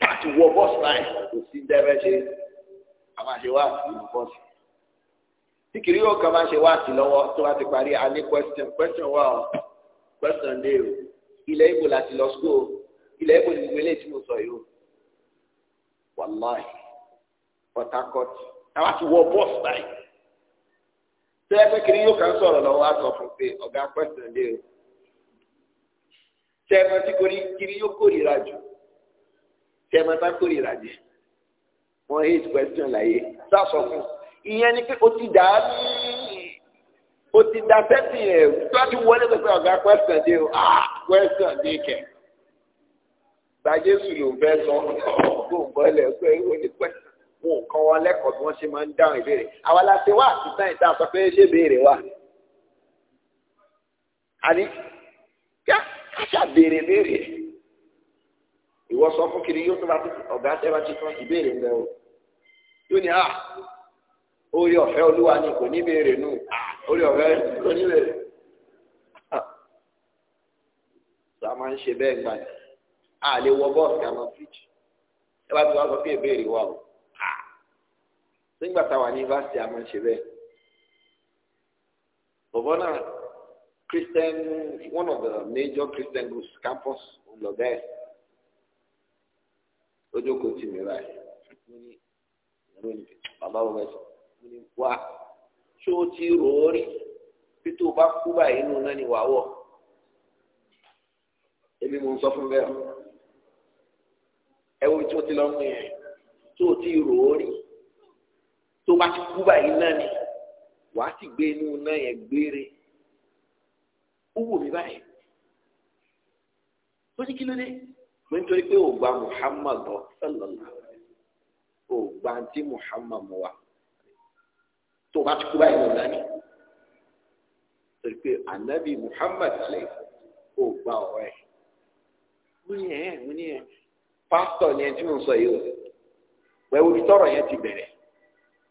bá ti wọ bọ́ọ̀sì báyìí kò sí dẹ́rẹ́ ṣe àbá ṣe wá sínú bọ́ọ̀sì tí kìrìyó kan bá ṣe wá sí lọ́wọ́ tó bá ti parí a ní question question wà ọ́ gbọ́sàn lé o ilẹ̀ ibo láti lọ sukó o ilẹ̀ ibo ni gbogbo eléyìí tí mo sọ yìí o wàláì Port Harcourt táwa ti wọ bọ́ọ̀sì báyìí tó yẹ pé kiri yóò kàn sọ̀rọ̀ lọ́wọ́ á sọ fún pé ọ̀gá gbọ́sàn lé o tẹ́ẹ̀mọ́ tí kiri yóò kórìíra jù tẹ́ẹ̀mọ́ tá kórìíra jù wọ́n hate question láyé sá sọ fún ìyẹn ni pé o ti dàá ní o ti da sẹ́sìn ẹ̀ tọ́jú wọlé tó pé ọ̀gá question dé o ah question dé kẹ̀. gba jésù ló fẹ́ sọ kó o bọ́ ilẹ̀ pé o ní question wọn ò kọ́ wọn lẹ́kọ̀ọ́ bí wọ́n ṣe máa ń dáhùn ìbéèrè àwa la ṣe wá àtúntàn ìta sọ pé ṣé béèrè wà. àní ká ṣà béèrè béèrè ìwọ sọ fún kiri yóò tó bá tó ọ̀gá tẹ́ bá ti tán ìbéèrè ń bẹ o yóò ní à ah, orí ọ̀fẹ́ olúwa ni kò ní béèrè nù à. Ah, orí ọ̀rẹ́ lónílẹ̀ la máa ń ṣe bẹ́ẹ̀ gbà ní a lè wọ bọ́ọ̀sì àmọ́ fíjì ẹ bá ti wá sọ pé ìbéèrè wa o nígbà táwa ní yunifásitì a máa ń ṣe bẹ́ẹ̀ bọ̀bọ́ náà Christian one of the major Christian groups campus ọlọ́bẹ̀ ojókòó tì mí báyìí mo ní bàbá wo bẹ́ẹ̀ sọ mo ní wá ṣó o ti rò ó rí bí tó o bá kú báyìí inú náà ni wàá wọ̀ èmi mò ń sọ fún bẹ́ẹ̀ ẹ wo tí o ti lọ mú yẹn tó o ti rò ó rí tó o bá ti kú báyìí náà ni wàá ti gbé inú náà yẹn gbére ó wù mí báyìí ó ní kí ló dé mo ń torí pé ò gba Muhammad lọ sọlọ lọ ò gba àǹtí Muhammad tó bá ti kú báyìí lọ dání torí pé anabi muhammad lè kó gba ọ̀rọ̀ ẹ̀ mo ní ẹ̀ mo ní ẹ̀ pásítọ̀ ni ẹ tí mo sọ yìí o wẹ́wù bí tọrọ yẹn ti bẹ̀rẹ̀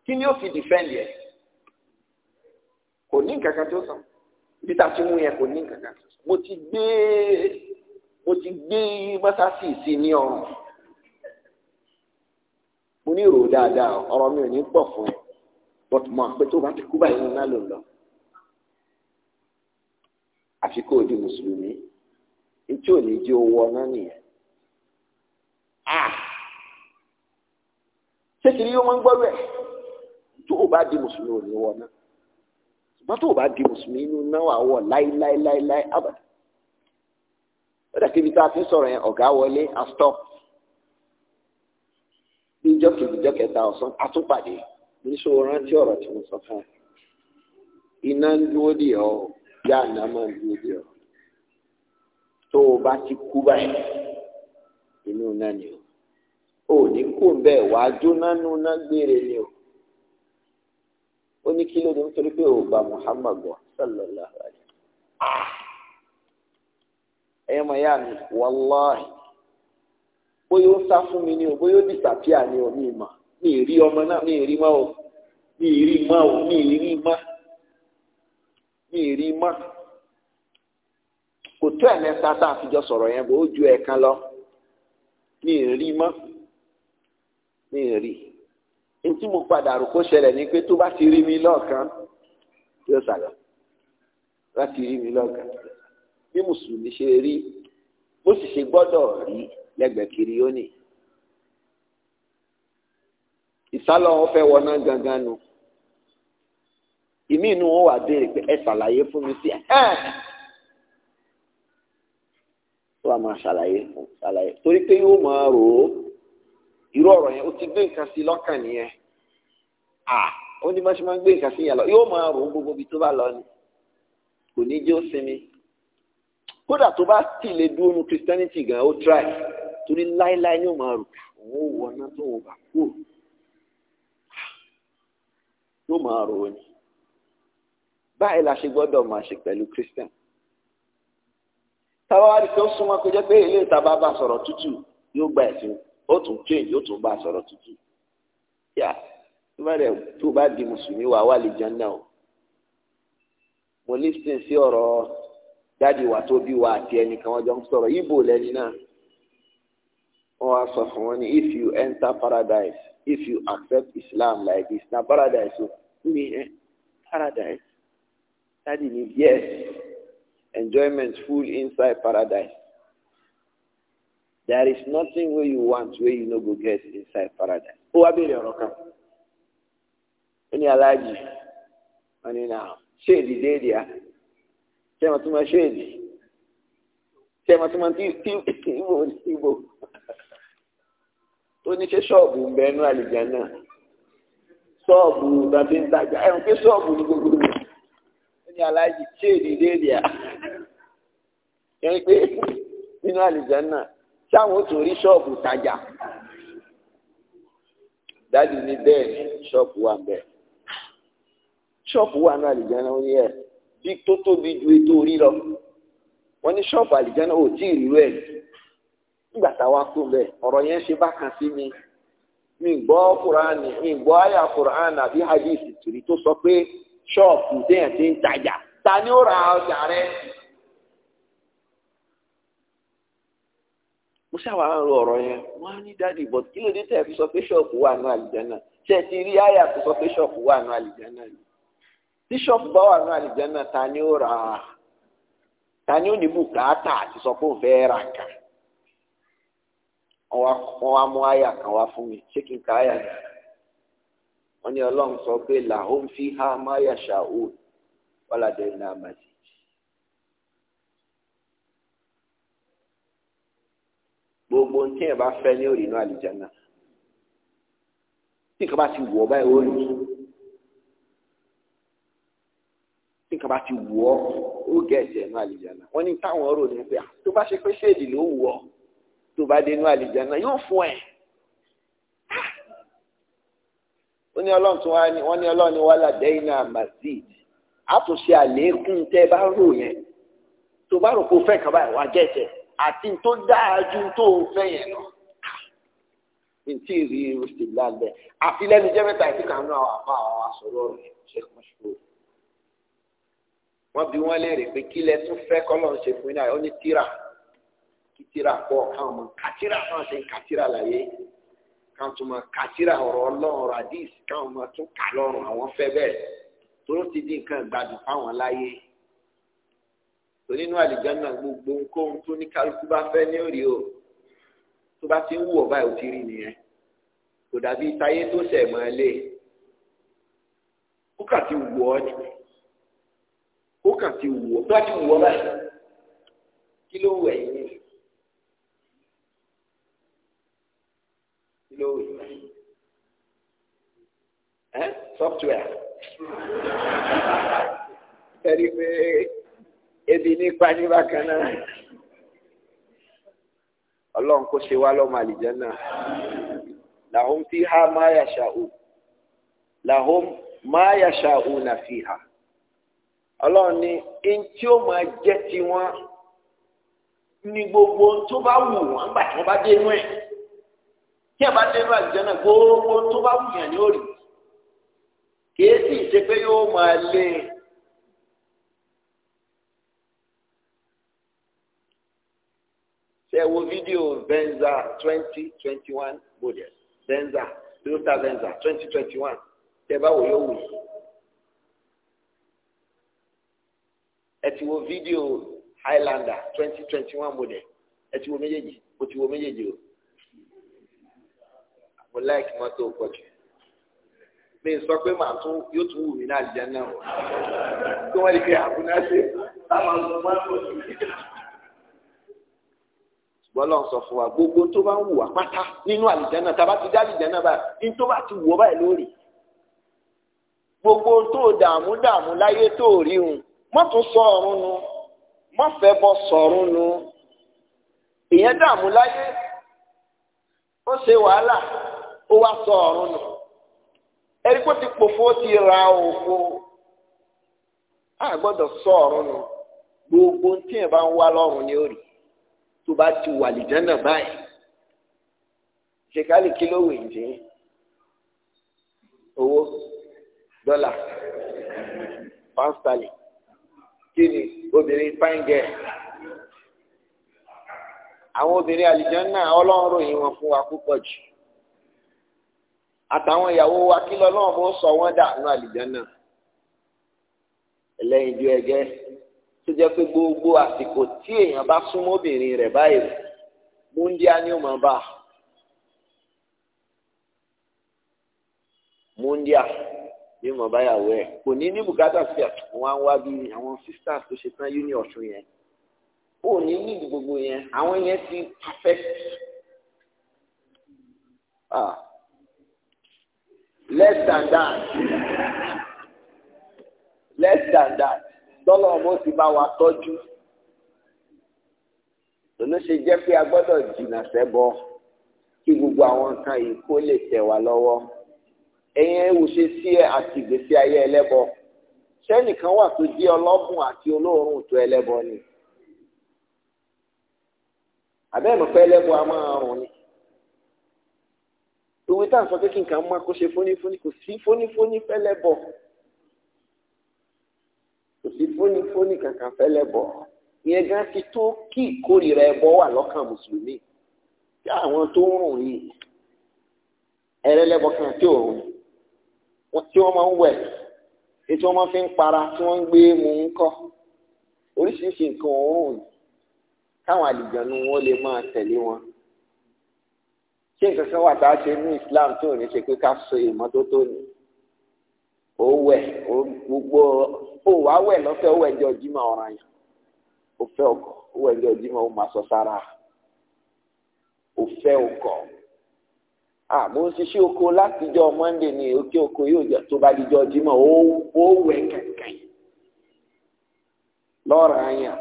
kí ni ó fi dìfẹ́ǹdì ẹ̀ kò ní nǹkan kan tó sọ ibi tá a ti mú yẹn kò ní nǹkan kan tó sọ mo ti gbé mo ti gbé mọ́sáàsì sí ní ọrùn mo ní ìrò dáadáa ọ̀rọ̀ mi ò ní pọ̀ fún ẹ but mọ̀ pé tó bá ti kú báyìí nínú náà ló ń lọ àfi kó o di mùsùlùmí ntí ò ní jẹ́ owó ọ̀nà nìyẹn ah! ṣé kìí yóò máa ń gbọ́rọ̀ ẹ̀ tó o bá di mùsùlùmí ò ní wọ náà ṣùgbọ́n tó o bá di mùsùlùmí inú náà wà wọ̀ láíláíláíláí abàdà ó dàbí ibi tá a ti sọ̀rọ̀ yẹn ọ̀gá wọlé a stop bí ìjọ kejì ìjọ kẹta ọ̀sán a níṣó rántí ọ̀rọ̀ tí mo sọ fún ẹ iná ń dúró dì ọ́ yá àná máa ń dúró dì o ti kú báyìí inú náà ni o ò ní kó bẹ́ẹ̀ wá jóná ni o ó ní kí ló dé nítorí pé ò gba Muhammad bọ̀ sallallahu alaihi ẹ̀yẹ́ mọ̀ yá mi bóyá ó sá fún mi ì rí ọmọ náà mi ì rí mọ́ o mi ì rí mọ́ o mi ì rí mọ́ mi ì rí mọ́ kò tó ẹ̀mẹ́ta tá a fi jọ sọ̀rọ̀ yẹn bó o ju ẹ̀ẹ̀kan lọ mi ì rí mọ́ mi ì rí ntí mo padà rò kó ṣẹlẹ̀ ni pé tó bá ti rí mi lọ́ọ̀kan yóò sàlọ̀ láti rí mi lọ́ọ̀kan bí mùsùlùmí ṣe rí bó sì ṣe gbọ́dọ̀ rí lẹ́gbẹ̀ẹ́ kiri ó nìyí ìsálọ wọn fẹ́ wọná gangan nù ìmí inú wọn wà béèrè pé ẹ ṣàlàyé fún mi sí ẹ tó a máa ṣàlàyé fún ṣàlàyé torí pé yóò máa rò ó irú ọ̀rọ̀ yẹn ó ti gbé nǹkan sí lọ́kàn nìyẹn à ó ní bá ṣe máa ń gbé nǹkan sí yẹn lọ yóò máa rò ó gbogbo ibi tó bá lọ ni kò ní jẹ́ sinmi kódà tó bá sì lè dúró nu christianity gan O try torí láéláé ni ó máa rò òun ò wọ ọ̀nà tó wọ bà kúrò yóò máa rò ó ní báyìí la ṣe gbọ́dọ̀ máa ṣe pẹ̀lú christian táwa rí tó súnmọ́ kó jẹ́ pé ilé ìta bá bá sọ̀rọ̀ tútù yóò gba ẹ̀sìn ó tún change ó tún bá sọ̀rọ̀ tútù yà tó bá rẹ̀ tó bá di mùsùlùmí wà wà lè jẹun náà mo lis ten sí ọ̀rọ̀ dáàdi wa tó bí wa àti ẹnìkan wọn jọ ń sọ̀rọ̀ ibo lẹni náà Or as of one, if you enter paradise, if you accept Islam like this, now paradise, so me, eh? paradise. That is, yes, enjoyment full inside paradise. There is nothing where you want where you no go get inside paradise. Oh, I believe okay. Any allergy? Any now? Shady day there. Tell me to my shady. Tell me to my Igbo, Igbo. ó ní ṣe ṣọ́ọ̀bù ń bẹ ẹnu àlìjá náà ṣọ́ọ̀bù tàbí ń tajà ẹ̀rùn pé ṣọ́ọ̀bù ní gbogbo rẹ̀ ó ní aláàjì chéèdì déèdì à yẹn pé nínú àlìjá náà ṣáwọn ó tún rí ṣọ́ọ̀bù tajà dáàdì ní bẹ́ẹ̀ ni ṣọ́ọ̀bù wà ń bẹ́ẹ̀ ṣọ́ọ̀bù wà ní àlìjá náà ó ní ẹ̀ bí tó tóbi ju ètò orí lọ wọ́n ní ṣọ́ọ̀bù àlìjá náà ò tí rú ẹ̀ nígbà táwa kú bẹ́ẹ̀ ọ̀rọ̀ yẹn ṣe sí mi mi gbọ́ kuraani mi gbọ́ àyà kuraani àbí hadith tìrì tó sọ pé ṣọ́ọ̀bù ti ń tajà ta ni ó ra ọjà rẹ. mo ṣàwárí yẹn á ní dáàdi kí ló dé fi sọ pé wà ní ṣe ti rí àyà tó sọ pé wà ní tí ni ó ra ta ni ó ní wọ́n wá mú àyà kan wá fún mi ṣé kí n ka àyà yẹn wọ́n ní ọlọ́run sọ pé làhóm fi há máyà ṣàó wàládé iná àmàjì. gbogbo ohun tí yẹn bá fẹ́ ní òrìnà àlìjáná tí nǹkan bá ti wù ọ́ báyìí ó rí tí nǹkan bá ti wù ọ́ ó gẹ̀ẹ́sì ẹ̀ ní àlìjáná wọ́n ní táwọn rò ní pé ah, tó bá ṣe pé ṣéèdì ló wù ọ́ tó bá dé inú àlìjáná yóò fún ẹ ó ní ọlọ́run tún wá ní wọ́n ní ọlọ́run ní wàhálà dẹ́yìnà mazid àtúnṣe àlékún tẹ́ bá rò yẹn tó bá rò kó fẹ́ kàn báyìí wá gẹ̀ẹ́tẹ̀ àti tó dáa ju tó fẹ́ yẹn lọ ntí rí rúṣì lálẹ́ àfi lẹ́nu jẹ́ mẹ́ta ìtí kàánú àwọn àfa àwọn asọ̀rọ̀ rẹ̀ ṣe kàn ṣòro wọ́n bí wọ́n léèrè pé kí lẹ tún fẹ́ kọ́lọ́run ṣe fún yín náà ó ní tíra kìtìrà pọ̀ káwọn mọ kàtìrà náà ṣe ń kàtìrà láyé káwọn tún mọ kàtìrà ọ̀rọ̀ ọlọ́run radis káwọn mọ tún kà lọ́rùn àwọn fẹ́ bẹ́ẹ̀ tó ti di nǹkan gbádùn fáwọn láyé onínú àlìjánà gbogbo nǹkan tó ní kálukú bá fẹ́ ní òrì o tó bá ti ń wù ọ́ báyìí ó ti rí nìyẹn kò dàbí táyé tó ṣẹ̀ mọ́ ẹ lé kókà ti wù ọ́ ni kókà ti wù ọ́ tó bá ti wù ọ́ báyìí kí ló wù ẹ̀yìn Eh? Software. a? ebi bákan náà. Ọlọ́run ṣe wá lọ́mọ àlìjẹ́ náà. fi ha máa máa nà fi ha. Ọlọ́run ní in tí ó máa jẹ́ ní gbogbo tó bá wù wọ́n gbà tí wọ́n bá ẹ̀. Tí ẹ kìí sì ṣe pé yóò máa lé e. ṣe wo fídíò Venza twenty twenty one bòdè Venza Toyota Venza twenty twenty one tẹ báwo yóò wù yìí. ẹ ti wo fídíò Highlander 2021 twenty one bòdè ẹ ti wo méjèèjì mo ti wo méjèèjì o. mo láìkí mọ́tò pọ̀ mi sọ pé màá tún yóò tún wù mí ní àlùjánnà o kí wọ́n lè fi àbúná ṣe táwọn ọmọ máa ń bọ̀ sí. ṣùgbọ́n lọ́n sọ fún wa gbogbo tó bá ń wù wá pátá nínú àlùjánnà tá a bá ti dá àlùjánnà báyìí ní tó bá ti wù ọ́ báyìí lórí. gbogbo tó dààmú dààmú láyé tó rí un mọ́ tún sọ ọ̀run nu mọ́ fẹ́ bọ́ sọ̀run nu èèyàn dààmú láyé ó ṣe wàhálà ó wá sọ ọ̀run nù ẹni kó ti pòfo ti ra òfo a gbọ́dọ̀ sọ ọ̀run nù gbogbo tí ẹ bá ń wá lọ́run ni ó rí tó bá ti wà lìjánà báyìí ṣèkálì kí ló wè owó dọ́là pásítálì kí ni obìnrin pàǹgẹ àwọn obìnrin àlìjánà ọlọ́run ròyìn wọn fún wa púpọ̀ jù àtàwọn ìyàwó wa kí lọ́lọ́run bó sọ wọ́n dà nínú àlìjánà ẹlẹ́yin ju ẹgẹ́ tó jẹ́ pé gbogbo àsìkò tí èèyàn bá súnmọ́ obìnrin rẹ̀ báyìí múndíá ni ó máa bá múndíá ni ó máa bá yàwó ẹ̀ kò ní ní bùkátà sí àwọn wá wá bí àwọn sisters tó ṣe tán union ọ̀tún yẹn ó ní níbi gbogbo yẹn àwọn yẹn ti perfect. Ah less than that less than that tọ́lọ̀ ọmọ sì bá wa tọ́jú lọ́nà ṣe jẹ́ pé a gbọ́dọ̀ jìnnà sẹ́bọ kí gbogbo àwọn nǹkan yìí kó lè tẹ̀ wá lọ́wọ́ ẹ̀yin ẹ̀wù ṣe sí ẹ̀ àti ìgbésí ayé ẹlẹ́bọ sẹ́nìkan wà tó jẹ́ ọlọ́bùn àti olóòórùn tó ẹlẹ́bọ ni àbẹ́ẹ̀mọ̀fẹ́ ẹlẹ́bọ a máa rùn ni òwe tá à ń sọ pé kí nǹkan mú akóṣe fónífóní kò sí fónífóní fẹ́lẹ́ bọ̀ kò sí fónífóní kankan fẹ́lẹ́ bọ̀ ìyẹn gan ti tó kí ìkórìíra ẹbọ wà lọ́kàn mùsùlùmí tí àwọn tó ń rùn yìí ẹlẹ́lẹ́bọ kan tí ò rùn wọn tí wọ́n máa ń wẹ̀ ètò wọ́n máa fi ń para tí wọ́n ń gbé mu ń kọ́ oríṣiríṣi nǹkan òórùn káwọn àlìjànú wọn lè máa tẹ̀lé wọn ṣé nǹkan kan wà tá a ṣe ní Islam tó ní ṣe pé ká so ìmọ́tótó ni ó wẹ̀ ó gbogbo ó wá wẹ̀ lọ́fẹ̀ẹ́ ó wẹ̀ ní ọjọ́ ọ̀ràn yẹn ó fẹ́ ọkọ̀ ó wẹ̀ ní ọjọ́ ó máa sọ sára ó fẹ́ ọkọ̀ àmọ́ ń ṣiṣẹ́ oko látijọ́ Monday ní òkè oko yóò jẹ́ tó bá dijọ́ ìmọ̀ ó wẹ̀ kankan lọ́ràn yẹn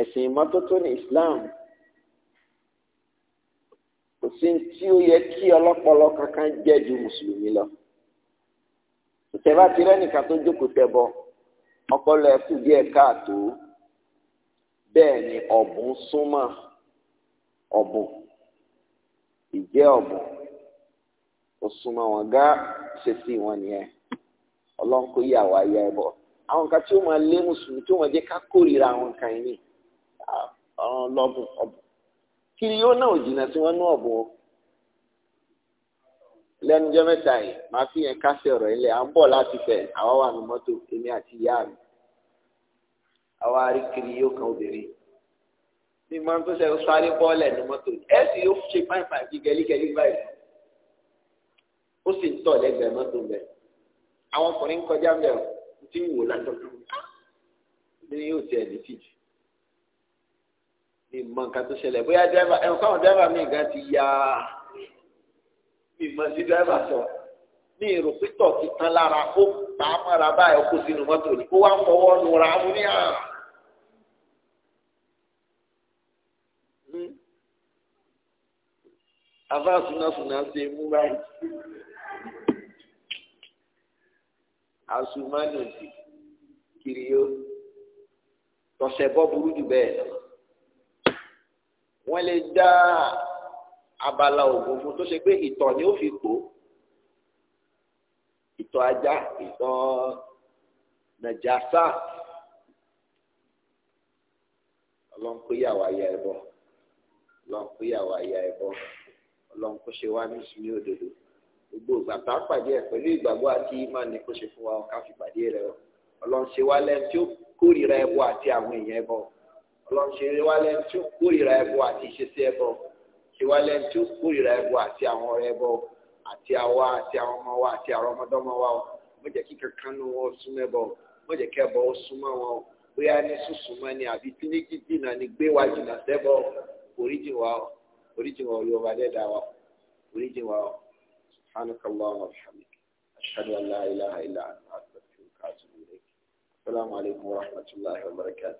ẹ̀sìn ìmọ́tótó ní Islam sí tí ó yẹ kí ọlọ́pọlọ kankan jẹ́ ju mùsùlùmí lọ. ìtẹ̀bá ti tó jókòó tẹ bọ ọpọlọ ẹ̀kú díẹ̀ káàtó bẹ́ẹ̀ ni ọ̀bùn súnmọ́ ọ̀bùn ìjẹ́ ọ̀bùn ó súnmọ́ wọn gá ṣe sí wọn nìyẹn ọlọ́run kò yà wá yá ẹ bọ̀ àwọn kan tí ó máa lé mùsùlùmí tí ó máa jẹ́ ká kórìíra àwọn kan yìí ọ̀ràn lọ́bùn ọ̀bùn kiri yóò náà jìnnà sí wọn ní ọ̀bùn o lẹ́nu jẹ́ mẹ́ta yìí màá fi yẹn kásẹ̀ ọ̀rọ̀ ilẹ̀ à ń bọ̀ láti fẹ̀ àwa wà ní mọ́tò èmi àti ìyá mi àwa rí kiri yóò kan obìnrin ní mọ́ tó ṣe sáré bọ́ọ̀lẹ̀ ní mọ́tò ẹ̀ sì yóò ṣe pàǹpà bí gẹ́lígẹ́lí báyìí ó sì ń tọ̀ lẹ́gbẹ̀ẹ́ mọ́tò bẹ̀ àwọn ọkùnrin ń kọjá bẹ̀ tí ń wò látọ̀tọ̀ ní yóò tiẹ̀ ní tìjú ní mọ nǹkan tó ṣẹlẹ̀ bóyá dẹ́rẹ́bà ẹ̀rù káwọn dẹ́rẹ́bà míì gan ti ya mi mọ sí dẹ́rẹ́bà sọ ní èrò pítọ̀ ti tán lára kó bá a mọ́ra báyọ̀ kó sínú mọ́tò ní kó wá ń fọwọ́ nu ra mú ní àná. Hmm. àbá sunasuna ṣe mú báyìí asumanoti kiriyó tọ̀sẹ̀ bọ́ burú jù bẹ́ẹ̀ lọ abala oògùn fún tó ṣe pé ìtọ̀ ni ó fi kó ìtọ̀ ajá ìtọ̀ nàjàsá ọlọ́run kó ya ẹ̀bọ ọlọ́run kó ya ẹ̀bọ ọlọ́run kó ṣe wá mùsùlùmí òdodo gbogbo ìgbà tá a pàdé ẹ̀ pẹ̀lú ìgbàgbọ́ àti ìmánì kó ṣe fún wa ká fi pàdé rẹ o ọlọ́run ṣe lẹ́nu tí ó kórìíra ẹbọ àti àwọn èèyàn ẹbọ ọlọ́run ṣe lẹ́nu tí ó kórìíra ẹbọ àti ìṣesí ẹbọ tiwálẹ̀ tí ó kórìíra ẹbọ àti àwọn ọ̀rẹ́ ẹbọ àti àwa àti àwọn ọmọ wa àti àwọn ọmọdọ́mọ wa o mo jẹ́ kí kankan nu wọn súnmọ́ ẹbọ o mo jẹ́ kí ẹbọ ó súnmọ́ wọn o bóyá ní súnmọ́ ni àbí píníkì dìnnà ni gbé wa jìnnà sẹ́bọ oríjì wa o oríjì wa o yorùbá dẹ́dà wa o wa o subhanakallahu wa